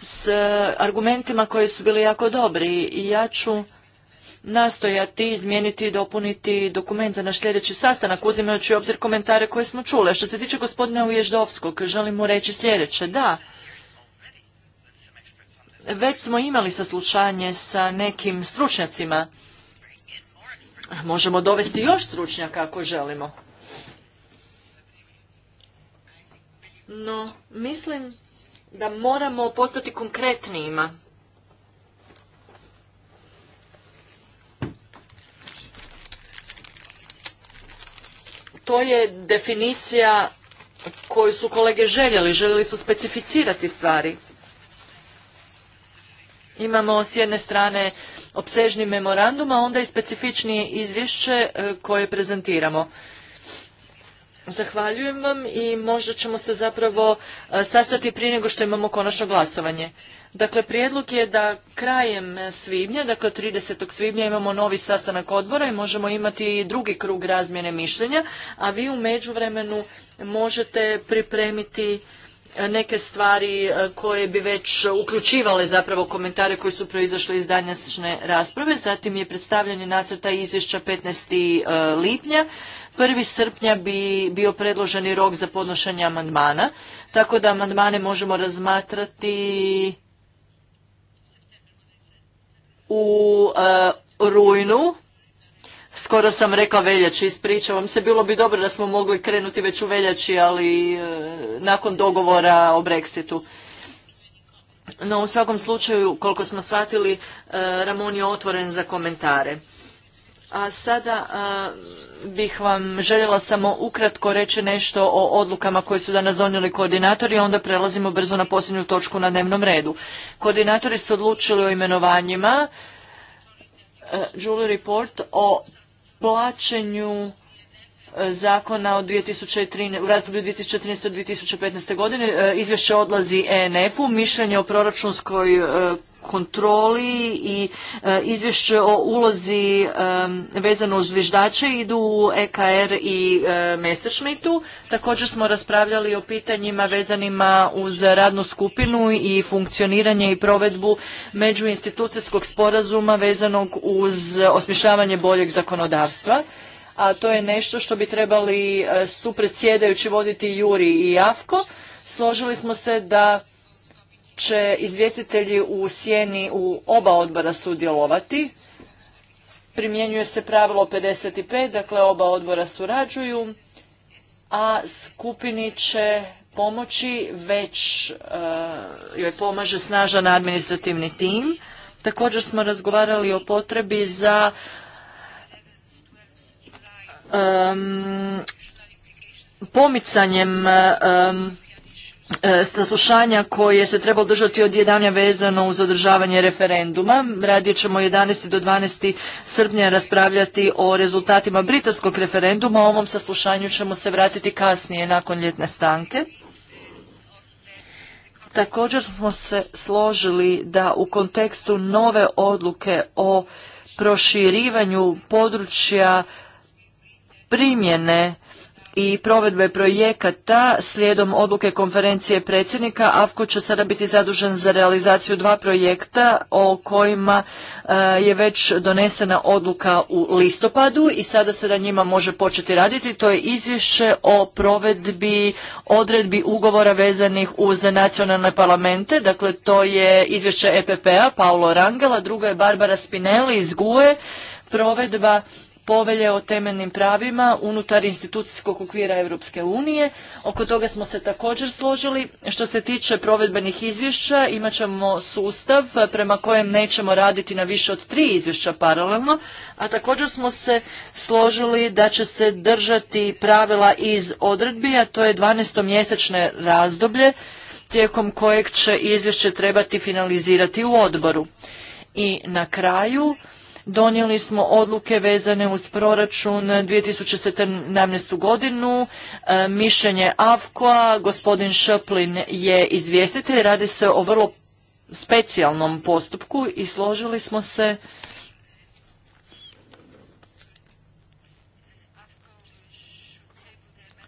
s argumentima koji su bili jako dobri i ja ću nastojati izmijeniti i dopuniti dokument za naš sljedeći sastanak, uzimajući u obzir komentare koje smo čule. Što se tiče gospodina Uježdovskog, mu reći sljedeće. Da, već smo imali saslušanje sa nekim stručnjacima. Možemo dovesti još stručnjaka ako želimo. No, mislim da moramo postati konkretnijima to je definicija koju su kolege željeli, željeli su specificirati stvari. Imamo s jedne strane opsežni memorandum, a onda i specifičnije izvješće e, koje prezentiramo. Zahvaljujem vam i možda ćemo se zapravo e, sastati prije nego što imamo konačno glasovanje. Dakle, prijedlog je da krajem svibnja, dakle 30. svibnja imamo novi sastanak odbora i možemo imati drugi krug razmjene mišljenja, a vi u međuvremenu možete pripremiti e, neke stvari e, koje bi već uključivale zapravo komentare koji su proizašli iz današnje rasprave. Zatim je predstavljanje nacrta izvješća 15. E, lipnja. 1. srpnja bi bio predloženi rok za podnošenje amandmana, tako da amandmane možemo razmatrati u e, rujnu, skoro sam rekla veljači, ispričavam se, bilo bi dobro da smo mogli krenuti već u veljači, ali e, nakon dogovora o Brexitu. No u svakom slučaju, koliko smo shvatili, e, Ramon je otvoren za komentare. A sada bih vam željela samo ukratko reći nešto o odlukama koje su danas donijeli koordinatori, onda prelazimo brzo na posljednju točku na dnevnom redu. Koordinatori su odlučili o imenovanjima, e, Julie Report o plaćanju zakona od 2013, u razdoblju 2013. do 2015. godine. E, izvješće odlazi ENF-u, mišljenje o proračunskoj e, kontroli i e, izvješće o ulozi vezano uz zviždače idu u EKR i Messerschmittu. Također smo raspravljali o pitanjima vezanima uz radnu skupinu i funkcioniranje i provedbu međuinstitucijskog sporazuma vezanog uz osmišljavanje boljeg zakonodavstva a to je nešto što bi trebali e, su predsjedajući voditi Juri i Javko. Složili smo se da će izvjestitelji u sjeni u oba odbora sudjelovati. Primjenjuje se pravilo 55, dakle oba odbora surađuju, a skupini će pomoći, već e, joj pomaže snažan administrativni tim. Također smo razgovarali o potrebi za pomicanjem e, saslušanja koje se treba održati od jedanja vezano uz održavanje referenduma. Radije ćemo 11. do 12. srpnja raspravljati o rezultatima britanskog referenduma. O ovom saslušanju ćemo se vratiti kasnije nakon ljetne stanke. Također smo se složili da u kontekstu nove odluke o proširivanju područja primjene i provedbe projekata slijedom odluke konferencije predsjednika AFKO će sada biti zadužen za realizaciju dva projekta o kojima e, je već donesena odluka u listopadu i sada se na njima može početi raditi. To je izvješće o provedbi odredbi ugovora vezanih uz nacionalne parlamente. Dakle, to je izvješće EPP-a Paolo Rangela, druga je Barbara Spinelli iz GUE, provedba povelje o temeljnim pravima unutar institucijskog okvira Europske unije. Oko toga smo se također složili. Što se tiče provedbenih izvješća, imat ćemo sustav prema kojem nećemo raditi na više od tri izvješća paralelno, a također smo se složili da će se držati pravila iz odredbi, a to je 12-mjesečne razdoblje tijekom kojeg će izvješće trebati finalizirati u odboru. I na kraju Donijeli smo odluke vezane uz proračun 2017. godinu, e, mišljenje AFKOA, gospodin Šplin je izvjestitelj, radi se o vrlo specijalnom postupku i složili smo se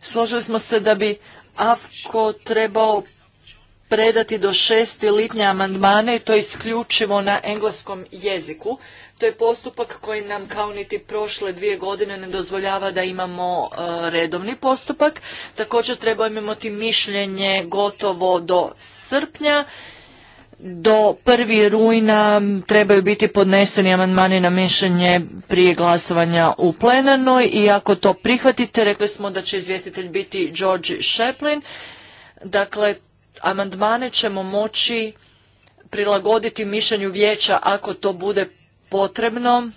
Složili smo se da bi AFKO trebao predati do 6. lipnja amandmane i to isključivo na engleskom jeziku. To je postupak koji nam kao niti prošle dvije godine ne dozvoljava da imamo e, redovni postupak. Također treba imati mišljenje gotovo do srpnja. Do 1. rujna trebaju biti podneseni amandmani na mišljenje prije glasovanja u plenarnoj i ako to prihvatite, rekli smo da će izvjestitelj biti George Sheplin. Dakle, amandmane ćemo moći prilagoditi mišljenju vijeća ako to bude potrebno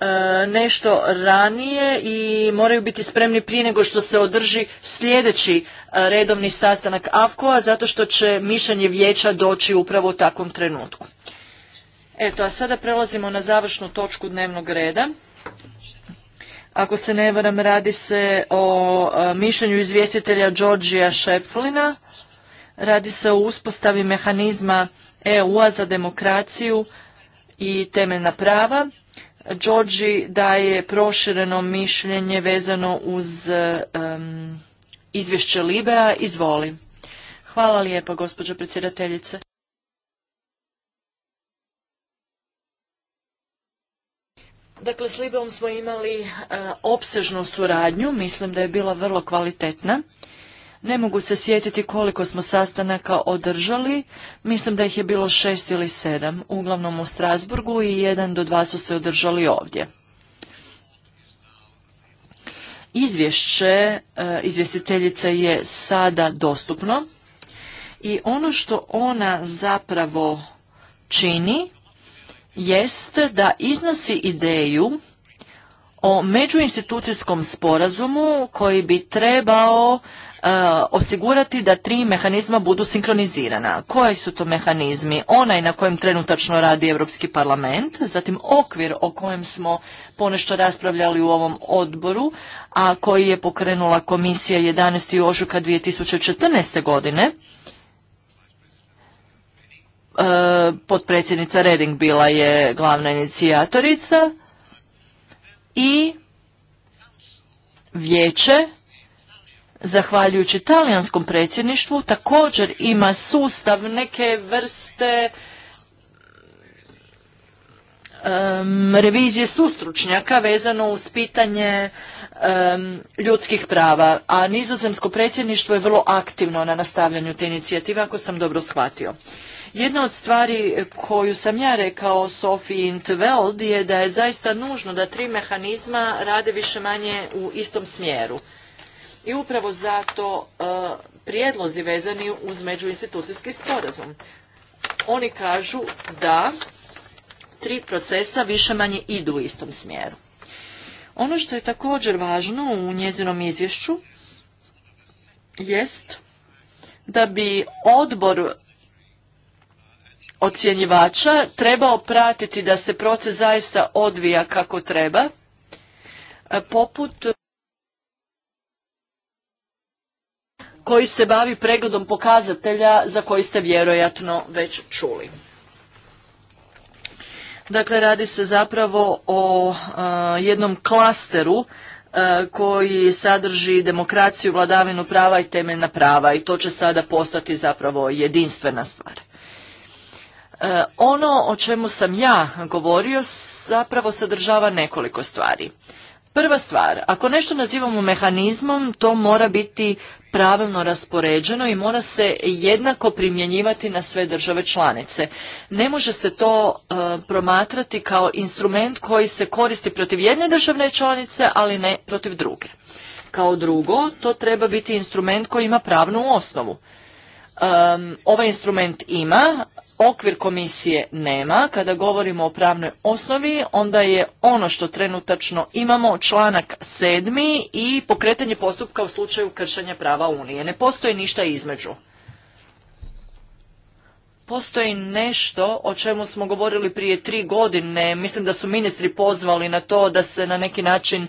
e, nešto ranije i moraju biti spremni prije nego što se održi sljedeći e, redovni sastanak afko zato što će mišljenje vijeća doći upravo u takvom trenutku. Eto, a sada prelazimo na završnu točku dnevnog reda. Ako se ne varam, radi se o e, mišljenju izvjestitelja Đorđija Šepflina. Radi se o uspostavi mehanizma EU-a za demokraciju i temeljna prava. Đorđi daje prošireno mišljenje vezano uz izvješće Libea. Izvoli. Hvala lijepa, gospođo predsjedateljice. Dakle, s Libom smo imali uh, opsežnu suradnju, mislim da je bila vrlo kvalitetna. Ne mogu se sjetiti koliko smo sastanaka održali, mislim da ih je bilo šest ili sedam, uglavnom u Strasburgu i jedan do dva su se održali ovdje. Izvješće e, izvjestiteljice je sada dostupno i ono što ona zapravo čini jest da iznosi ideju o međuinstitucijskom sporazumu koji bi trebao E, osigurati da tri mehanizma budu sinkronizirana. Koji su to mehanizmi? Onaj na kojem trenutačno radi Europski parlament, zatim okvir o kojem smo ponešto raspravljali u ovom odboru, a koji je pokrenula komisija 11. ožuka 2014. godine, Podpredsjednica potpredsjednica Reding bila je glavna inicijatorica i vijeće zahvaljujući talijanskom predsjedništvu, također ima sustav neke vrste um, revizije sustručnjaka vezano uz pitanje ljudskih prava, a nizozemsko predsjedništvo je vrlo aktivno na nastavljanju te inicijative, ako sam dobro shvatio. Jedna od stvari koju sam ja rekao Sophie Intveld je da je zaista nužno da tri mehanizma rade više manje u istom smjeru i upravo zato e, prijedlozi vezani uz međuinstitucijski sporazum. Oni kažu da tri procesa više manje idu u istom smjeru. Ono što je također važno u njezinom izvješću jest da bi odbor ocjenjivača trebao pratiti da se proces zaista odvija kako treba, poput koji se bavi pregledom pokazatelja za koji ste vjerojatno već čuli. Dakle, radi se zapravo o e, jednom klasteru e, koji sadrži demokraciju, vladavinu prava i temeljna prava i to će sada postati zapravo jedinstvena stvar. E, ono o čemu sam ja govorio zapravo sadržava nekoliko stvari. Prva stvar, ako nešto nazivamo mehanizmom, to mora biti pravilno raspoređeno i mora se jednako primjenjivati na sve države članice. Ne može se to e, promatrati kao instrument koji se koristi protiv jedne državne članice, ali ne protiv druge. Kao drugo, to treba biti instrument koji ima pravnu osnovu ovaj instrument ima, okvir komisije nema. Kada govorimo o pravnoj osnovi, onda je ono što trenutačno imamo članak sedmi i pokretanje postupka u slučaju kršenja prava Unije. Ne postoji ništa između. Postoji nešto o čemu smo govorili prije tri godine. Mislim da su ministri pozvali na to da se na neki način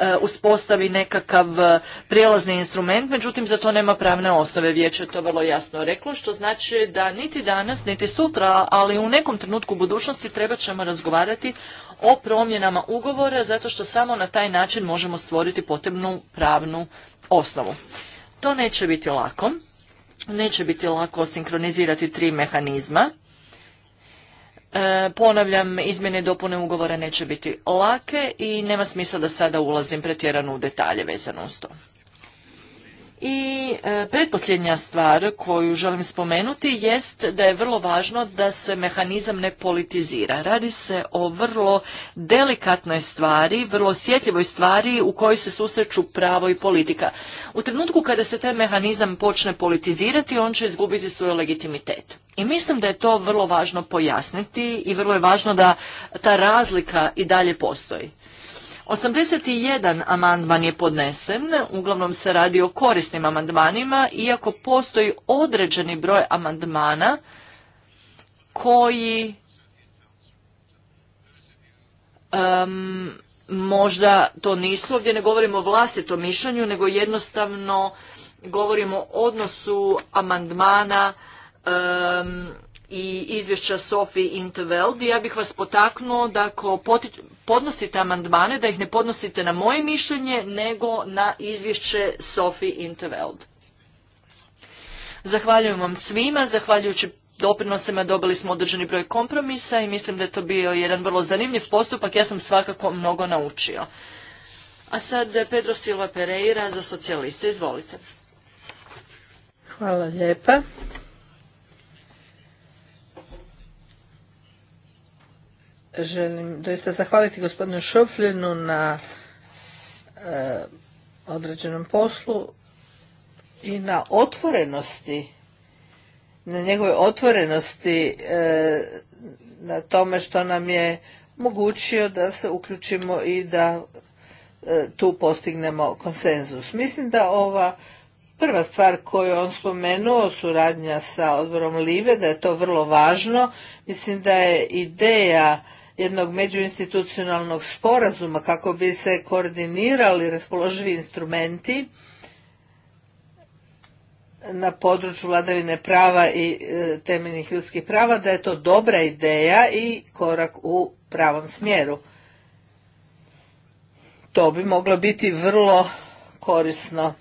E, uspostavi nekakav e, prijelazni instrument, međutim za to nema pravne osnove. Vijeće je to vrlo jasno reklo, što znači da niti danas, niti sutra, ali u nekom trenutku budućnosti treba ćemo razgovarati o promjenama ugovora, zato što samo na taj način možemo stvoriti potrebnu pravnu osnovu. To neće biti lako. Neće biti lako sinkronizirati tri mehanizma E, ponavljam, izmjene i dopune ugovora neće biti lake i nema smisla da sada ulazim pretjerano u detalje vezano uz to. I e, predposljednja stvar koju želim spomenuti jest da je vrlo važno da se mehanizam ne politizira. Radi se o vrlo delikatnoj stvari, vrlo osjetljivoj stvari u kojoj se susreću pravo i politika. U trenutku kada se taj mehanizam počne politizirati, on će izgubiti svoju legitimitet. I mislim da je to vrlo važno pojasniti i vrlo je važno da ta razlika i dalje postoji. 81 amandman je podnesen, uglavnom se radi o korisnim amandmanima, iako postoji određeni broj amandmana koji um, možda to nisu, ovdje ne govorimo o vlastitom mišljenju, nego jednostavno govorimo o odnosu amandmana i izvješća Sophie Interveld ja bih vas potaknuo da ako podnosite amandmane, da ih ne podnosite na moje mišljenje, nego na izvješće Sophie Interveld. Zahvaljujem vam svima, zahvaljujući doprinosima dobili smo određeni broj kompromisa i mislim da je to bio jedan vrlo zanimljiv postupak, ja sam svakako mnogo naučio. A sad Pedro Silva Pereira za socijaliste, izvolite. Hvala lijepa. želim doista zahvaliti gospodinu Šofljenu na e, određenom poslu i na otvorenosti, na njegovoj otvorenosti e, na tome što nam je mogućio da se uključimo i da e, tu postignemo konsenzus. Mislim da ova prva stvar koju on spomenuo, suradnja sa odborom Live, da je to vrlo važno. Mislim da je ideja jednog međuinstitucionalnog sporazuma kako bi se koordinirali raspoloživi instrumenti na području vladavine prava i e, temeljnih ljudskih prava, da je to dobra ideja i korak u pravom smjeru. To bi moglo biti vrlo korisno.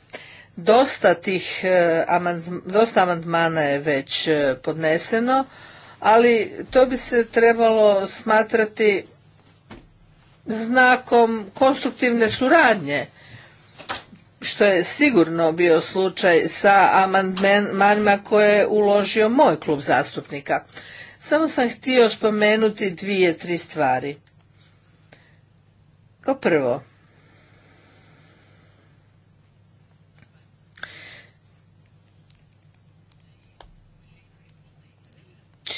Dosta tih e, amandmana je već e, podneseno ali to bi se trebalo smatrati znakom konstruktivne suradnje što je sigurno bio slučaj sa amandmanima koje je uložio moj klub zastupnika. Samo sam htio spomenuti dvije, tri stvari. Kao prvo,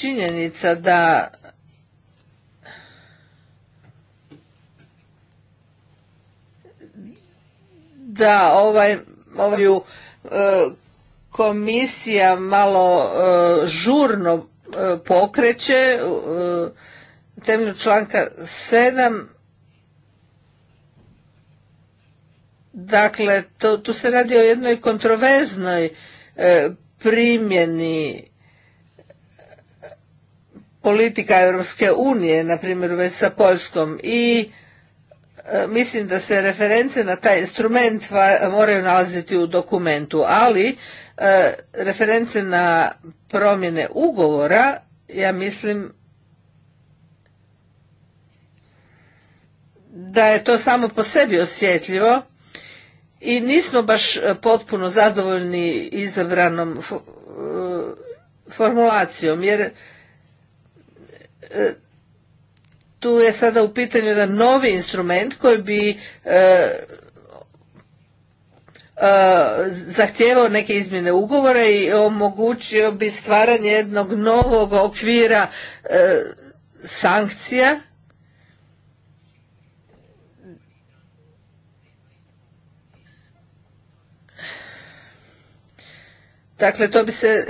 činjenica da da ovaj, ovaj komisija malo e, žurno e, pokreće temelju članka 7 dakle tu se radi o jednoj kontroverznoj primjeni politika Europske unije, na primjer već sa Poljskom i e, mislim da se reference na taj instrument moraju nalaziti u dokumentu, ali e, reference na promjene ugovora, ja mislim da je to samo po sebi osjetljivo i nismo baš potpuno zadovoljni izabranom e, formulacijom, jer E, tu je sada u pitanju jedan novi instrument koji bi e, e, zahtijevao neke izmjene ugovora i omogućio bi stvaranje jednog novog okvira sankcija Dakle, to bi se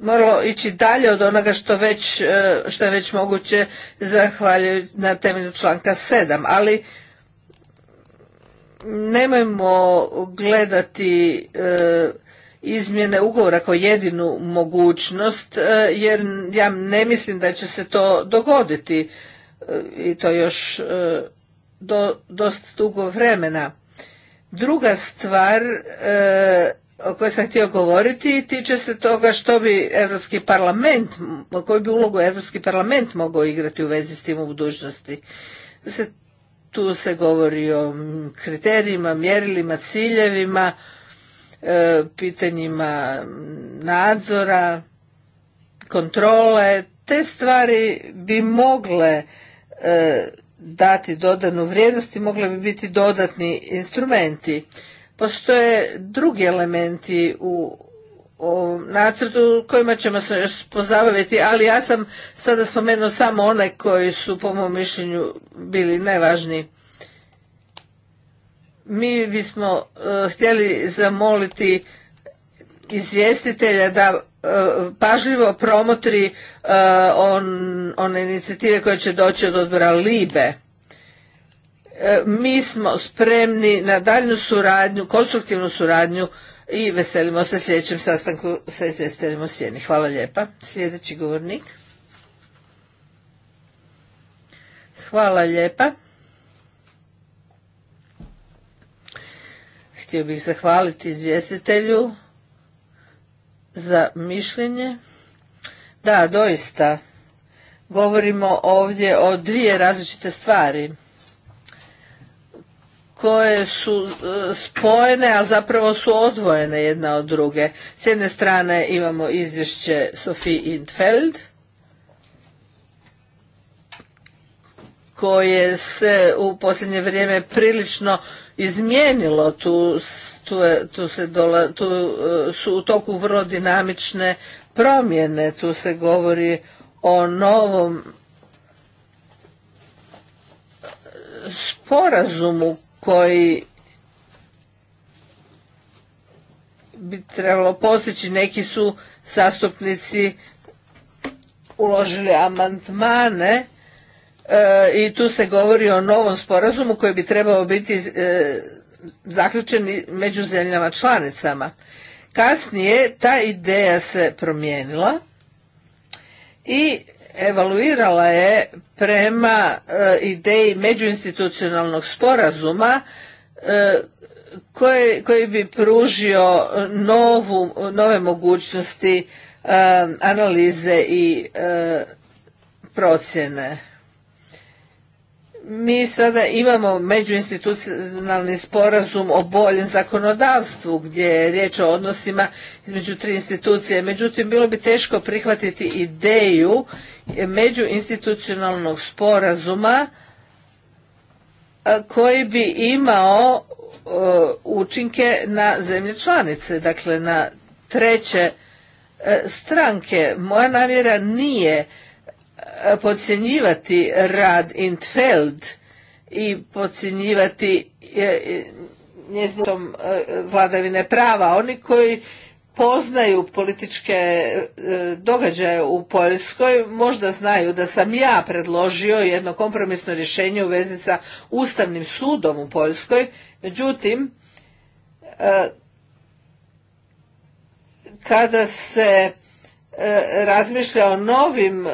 moralo ići dalje od onoga što, već, e, što je već moguće zahvaljujući na temelju članka 7. Ali nemojmo gledati e, izmjene ugovora kao jedinu mogućnost e, jer ja ne mislim da će se to dogoditi i to još do, dosta dugo vremena. Druga stvar o kojoj sam htio govoriti tiče se toga što bi Europski parlament, koju bi ulogu Europski parlament mogao igrati u vezi s tim u budućnosti. tu se govori o kriterijima, mjerilima, ciljevima, e, pitanjima nadzora, kontrole. Te stvari bi mogle e, dati dodanu vrijednost i mogle bi biti dodatni instrumenti. Postoje drugi elementi u o nacrtu kojima ćemo se još pozabaviti, ali ja sam sada spomenuo samo one koji su po mom mišljenju bili najvažniji. Mi bismo e, htjeli zamoliti izvjestitelja da e, pažljivo promotri e, on, one inicijative koje će doći od odbora LIBE. E, mi smo spremni na daljnu suradnju, konstruktivnu suradnju i veselimo se sljedećem sastanku sa izvjestiteljem u Sjeni. Hvala lijepa. Sljedeći govornik. Hvala lijepa. Htio bih zahvaliti izvjestitelju za mišljenje. Da, doista, govorimo ovdje o dvije različite stvari koje su e, spojene, a zapravo su odvojene jedna od druge. S jedne strane imamo izvješće Sophie Intfeld, koje se u posljednje vrijeme prilično izmijenilo. Tu, tu, se tu e, su u toku vrlo dinamične promjene. Tu se govori o novom sporazumu koji bi trebalo postići. Neki su sastupnici uložili amandmane e, i tu se govori o novom sporazumu koji bi trebao biti e, zaključen među zemljama članicama. Kasnije ta ideja se promijenila i evaluirala je prema e, ideji međuinstitucionalnog sporazuma e, koji, bi pružio nove mogućnosti e, analize i procjene mi sada imamo međuinstitucionalni sporazum o boljem zakonodavstvu gdje je riječ o odnosima između tri institucije. Međutim, bilo bi teško prihvatiti ideju međuinstitucionalnog sporazuma koji bi imao učinke na zemlje članice, dakle na treće e, stranke. Moja namjera nije podcjenjivati rad Intfeld i podcjenjivati e, e, njezinom e, vladavine prava. Oni koji poznaju političke događaje u Poljskoj možda znaju da sam ja predložio jedno kompromisno rješenje u vezi sa Ustavnim sudom u Poljskoj. Međutim, kada se E, razmišlja o novim e,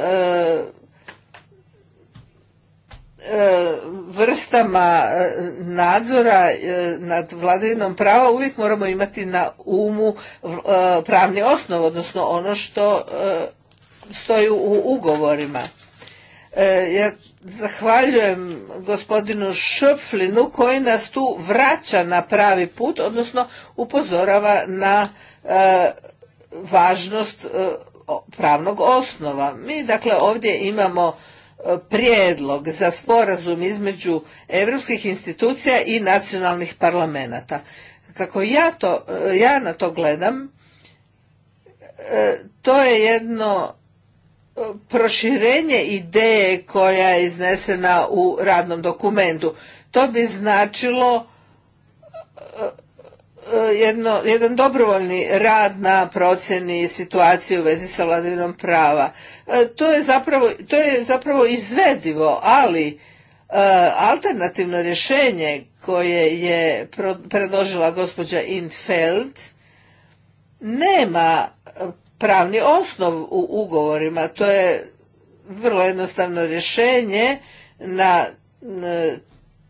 e, vrstama nadzora nad vladinom prava uvijek moramo imati na umu pravni osnov, odnosno ono što stoji u ugovorima. Ja zahvaljujem gospodinu Šöpflinu koji nas tu vraća na pravi put, odnosno upozorava na važnost pravnog osnova. Mi dakle ovdje imamo e, prijedlog za sporazum između europskih institucija i nacionalnih parlamenata. Kako ja, to, e, ja na to gledam, e, to je jedno proširenje ideje koja je iznesena u radnom dokumentu. To bi značilo E, jedno, jedan dobrovoljni rad na procjeni situacije u vezi sa vladinom prava. E, to je zapravo, to je zapravo izvedivo, ali e, alternativno rješenje koje je predložila gospođa Intfeld nema pravni osnov u ugovorima. To je vrlo jednostavno rješenje na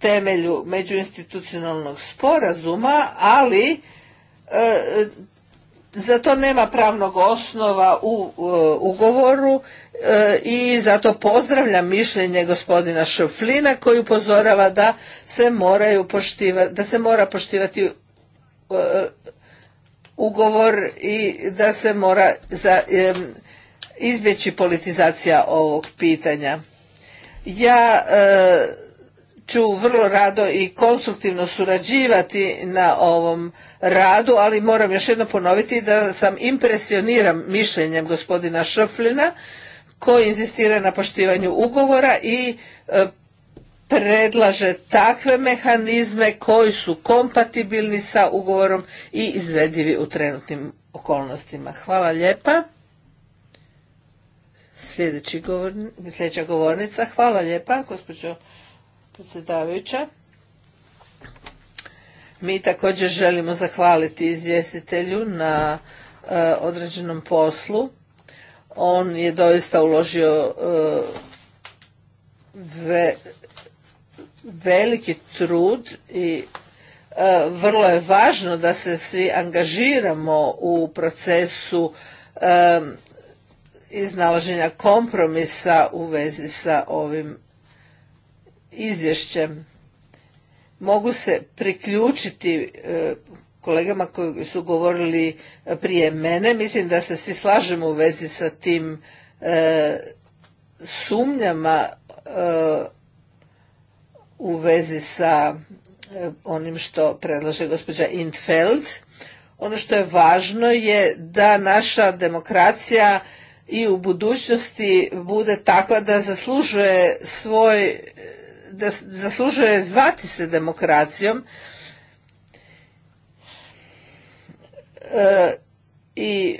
temelju međuinstitucionalnog sporazuma, ali e, za to nema pravnog osnova u e, ugovoru e, i zato pozdravljam mišljenje gospodina Šoflina koji upozorava da se moraju poštivati, da se mora poštivati ugovor i da se mora za, izbjeći politizacija ovog pitanja. Ja ću vrlo rado i konstruktivno surađivati na ovom radu, ali moram još jedno ponoviti da sam impresioniran mišljenjem gospodina Šrflina koji inzistira na poštivanju ugovora i e, predlaže takve mehanizme koji su kompatibilni sa ugovorom i izvedivi u trenutnim okolnostima. Hvala lijepa. sljedeća govornica. Hvala lijepa, gospođo predsjedavajuća. Mi također želimo zahvaliti izvjestitelju na e, određenom poslu. On je doista uložio e, veliki trud i e, vrlo je važno da se svi angažiramo u procesu iznalaženja kompromisa u vezi sa ovim izvješćem. Mogu se priključiti e, kolegama koji su govorili prije mene. Mislim da se svi slažemo u vezi sa tim e, sumnjama e, u vezi sa onim što predlaže gospođa Intfeld. Ono što je važno je da naša demokracija i u budućnosti bude takva da zaslužuje svoj da zaslužuje zvati se demokracijom e, i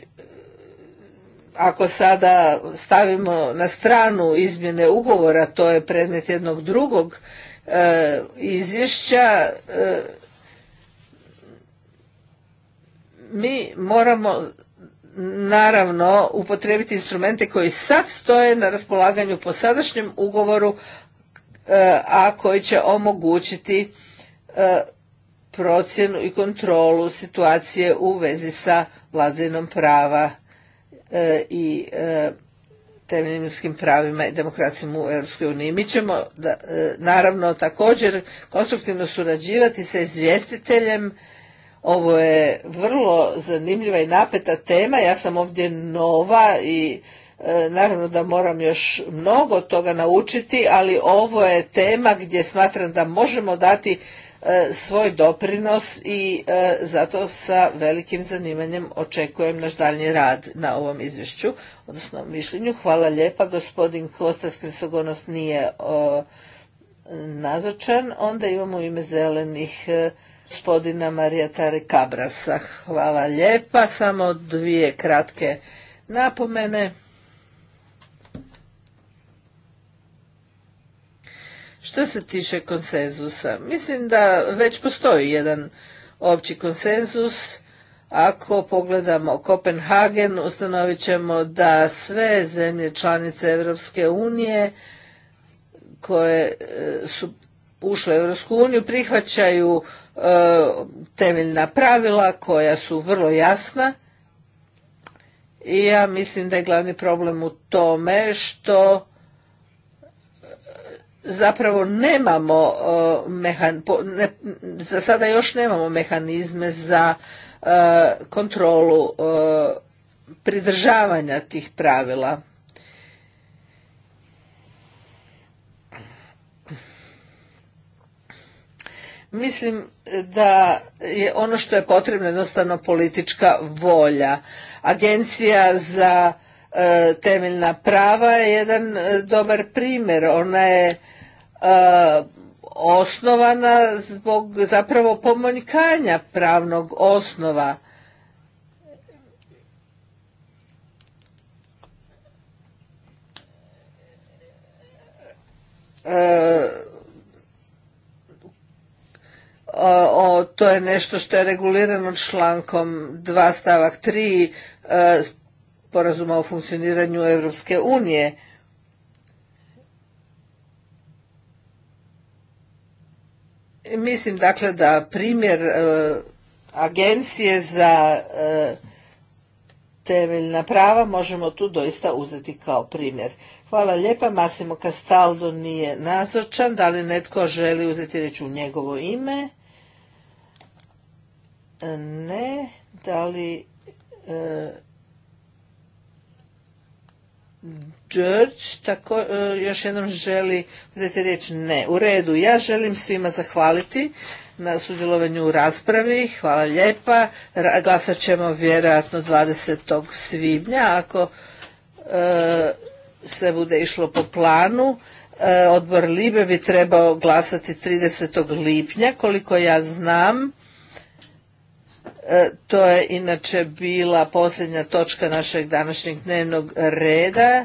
ako sada stavimo na stranu izmjene ugovora, to je predmet jednog drugog e, izvješća, e, mi moramo naravno upotrijebiti instrumente koji sad stoje na raspolaganju po sadašnjem ugovoru, E, a koji će omogućiti e, procjenu i kontrolu situacije u vezi sa vladinom prava e, i temeljnim ljudskim pravima i demokracijom u EU. Mi ćemo da, naravno također konstruktivno surađivati sa izvjestiteljem. Ovo je vrlo zanimljiva i napeta tema. Ja sam ovdje nova i E, naravno da moram još mnogo toga naučiti, ali ovo je tema gdje smatram da možemo dati e, svoj doprinos i e, zato sa velikim zanimanjem očekujem naš daljnji rad na ovom izvješću, odnosno mišljenju. Hvala lijepa, gospodin Kostas Krisogonos nije nazočan. Onda imamo ime zelenih gospodina Marija Tare Kabrasa. Hvala lijepa, samo dvije kratke napomene. Što se tiče konsenzusa, mislim da već postoji jedan opći konsenzus. Ako pogledamo Kopenhagen, ustanovit ćemo da sve zemlje članice Europske unije koje e, su ušle u Europsku uniju prihvaćaju e, temeljna pravila koja su vrlo jasna i ja mislim da je glavni problem u tome što zapravo nemamo e, za sada još nemamo mehanizme za e, kontrolu e, pridržavanja tih pravila. Mislim da je ono što je potrebno jednostavno politička volja. Agencija za temeljna prava je jedan dobar primjer. Ona je E, osnovana zbog zapravo pomanjkanja pravnog osnova. E, to je nešto što je regulirano člankom 2 stavak 3 e, sporazuma o funkcioniranju Europske unije. Mislim dakle da primjer e, agencije za e, temeljna prava možemo tu doista uzeti kao primjer. Hvala lijepa, Masimo Castaldo nije nazočan, da li netko želi uzeti reći u njegovo ime? E, ne, da li George tako, e, još jednom želi uzeti riječ ne. U redu, ja želim svima zahvaliti na sudjelovanju u raspravi. Hvala lijepa. Glasat ćemo vjerojatno 20. svibnja ako se bude išlo po planu. E, odbor Libe bi trebao glasati 30. lipnja koliko ja znam E, to je inače bila posljednja točka našeg današnjeg dnevnog reda.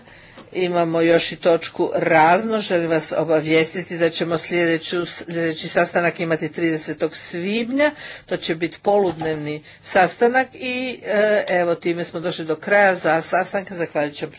Imamo još i točku razno. Želim vas obavijestiti da ćemo sljedeći sastanak imati 30. svibnja. To će biti poludnevni sastanak i e, evo time smo došli do kraja za sastanka. Zahvaljujem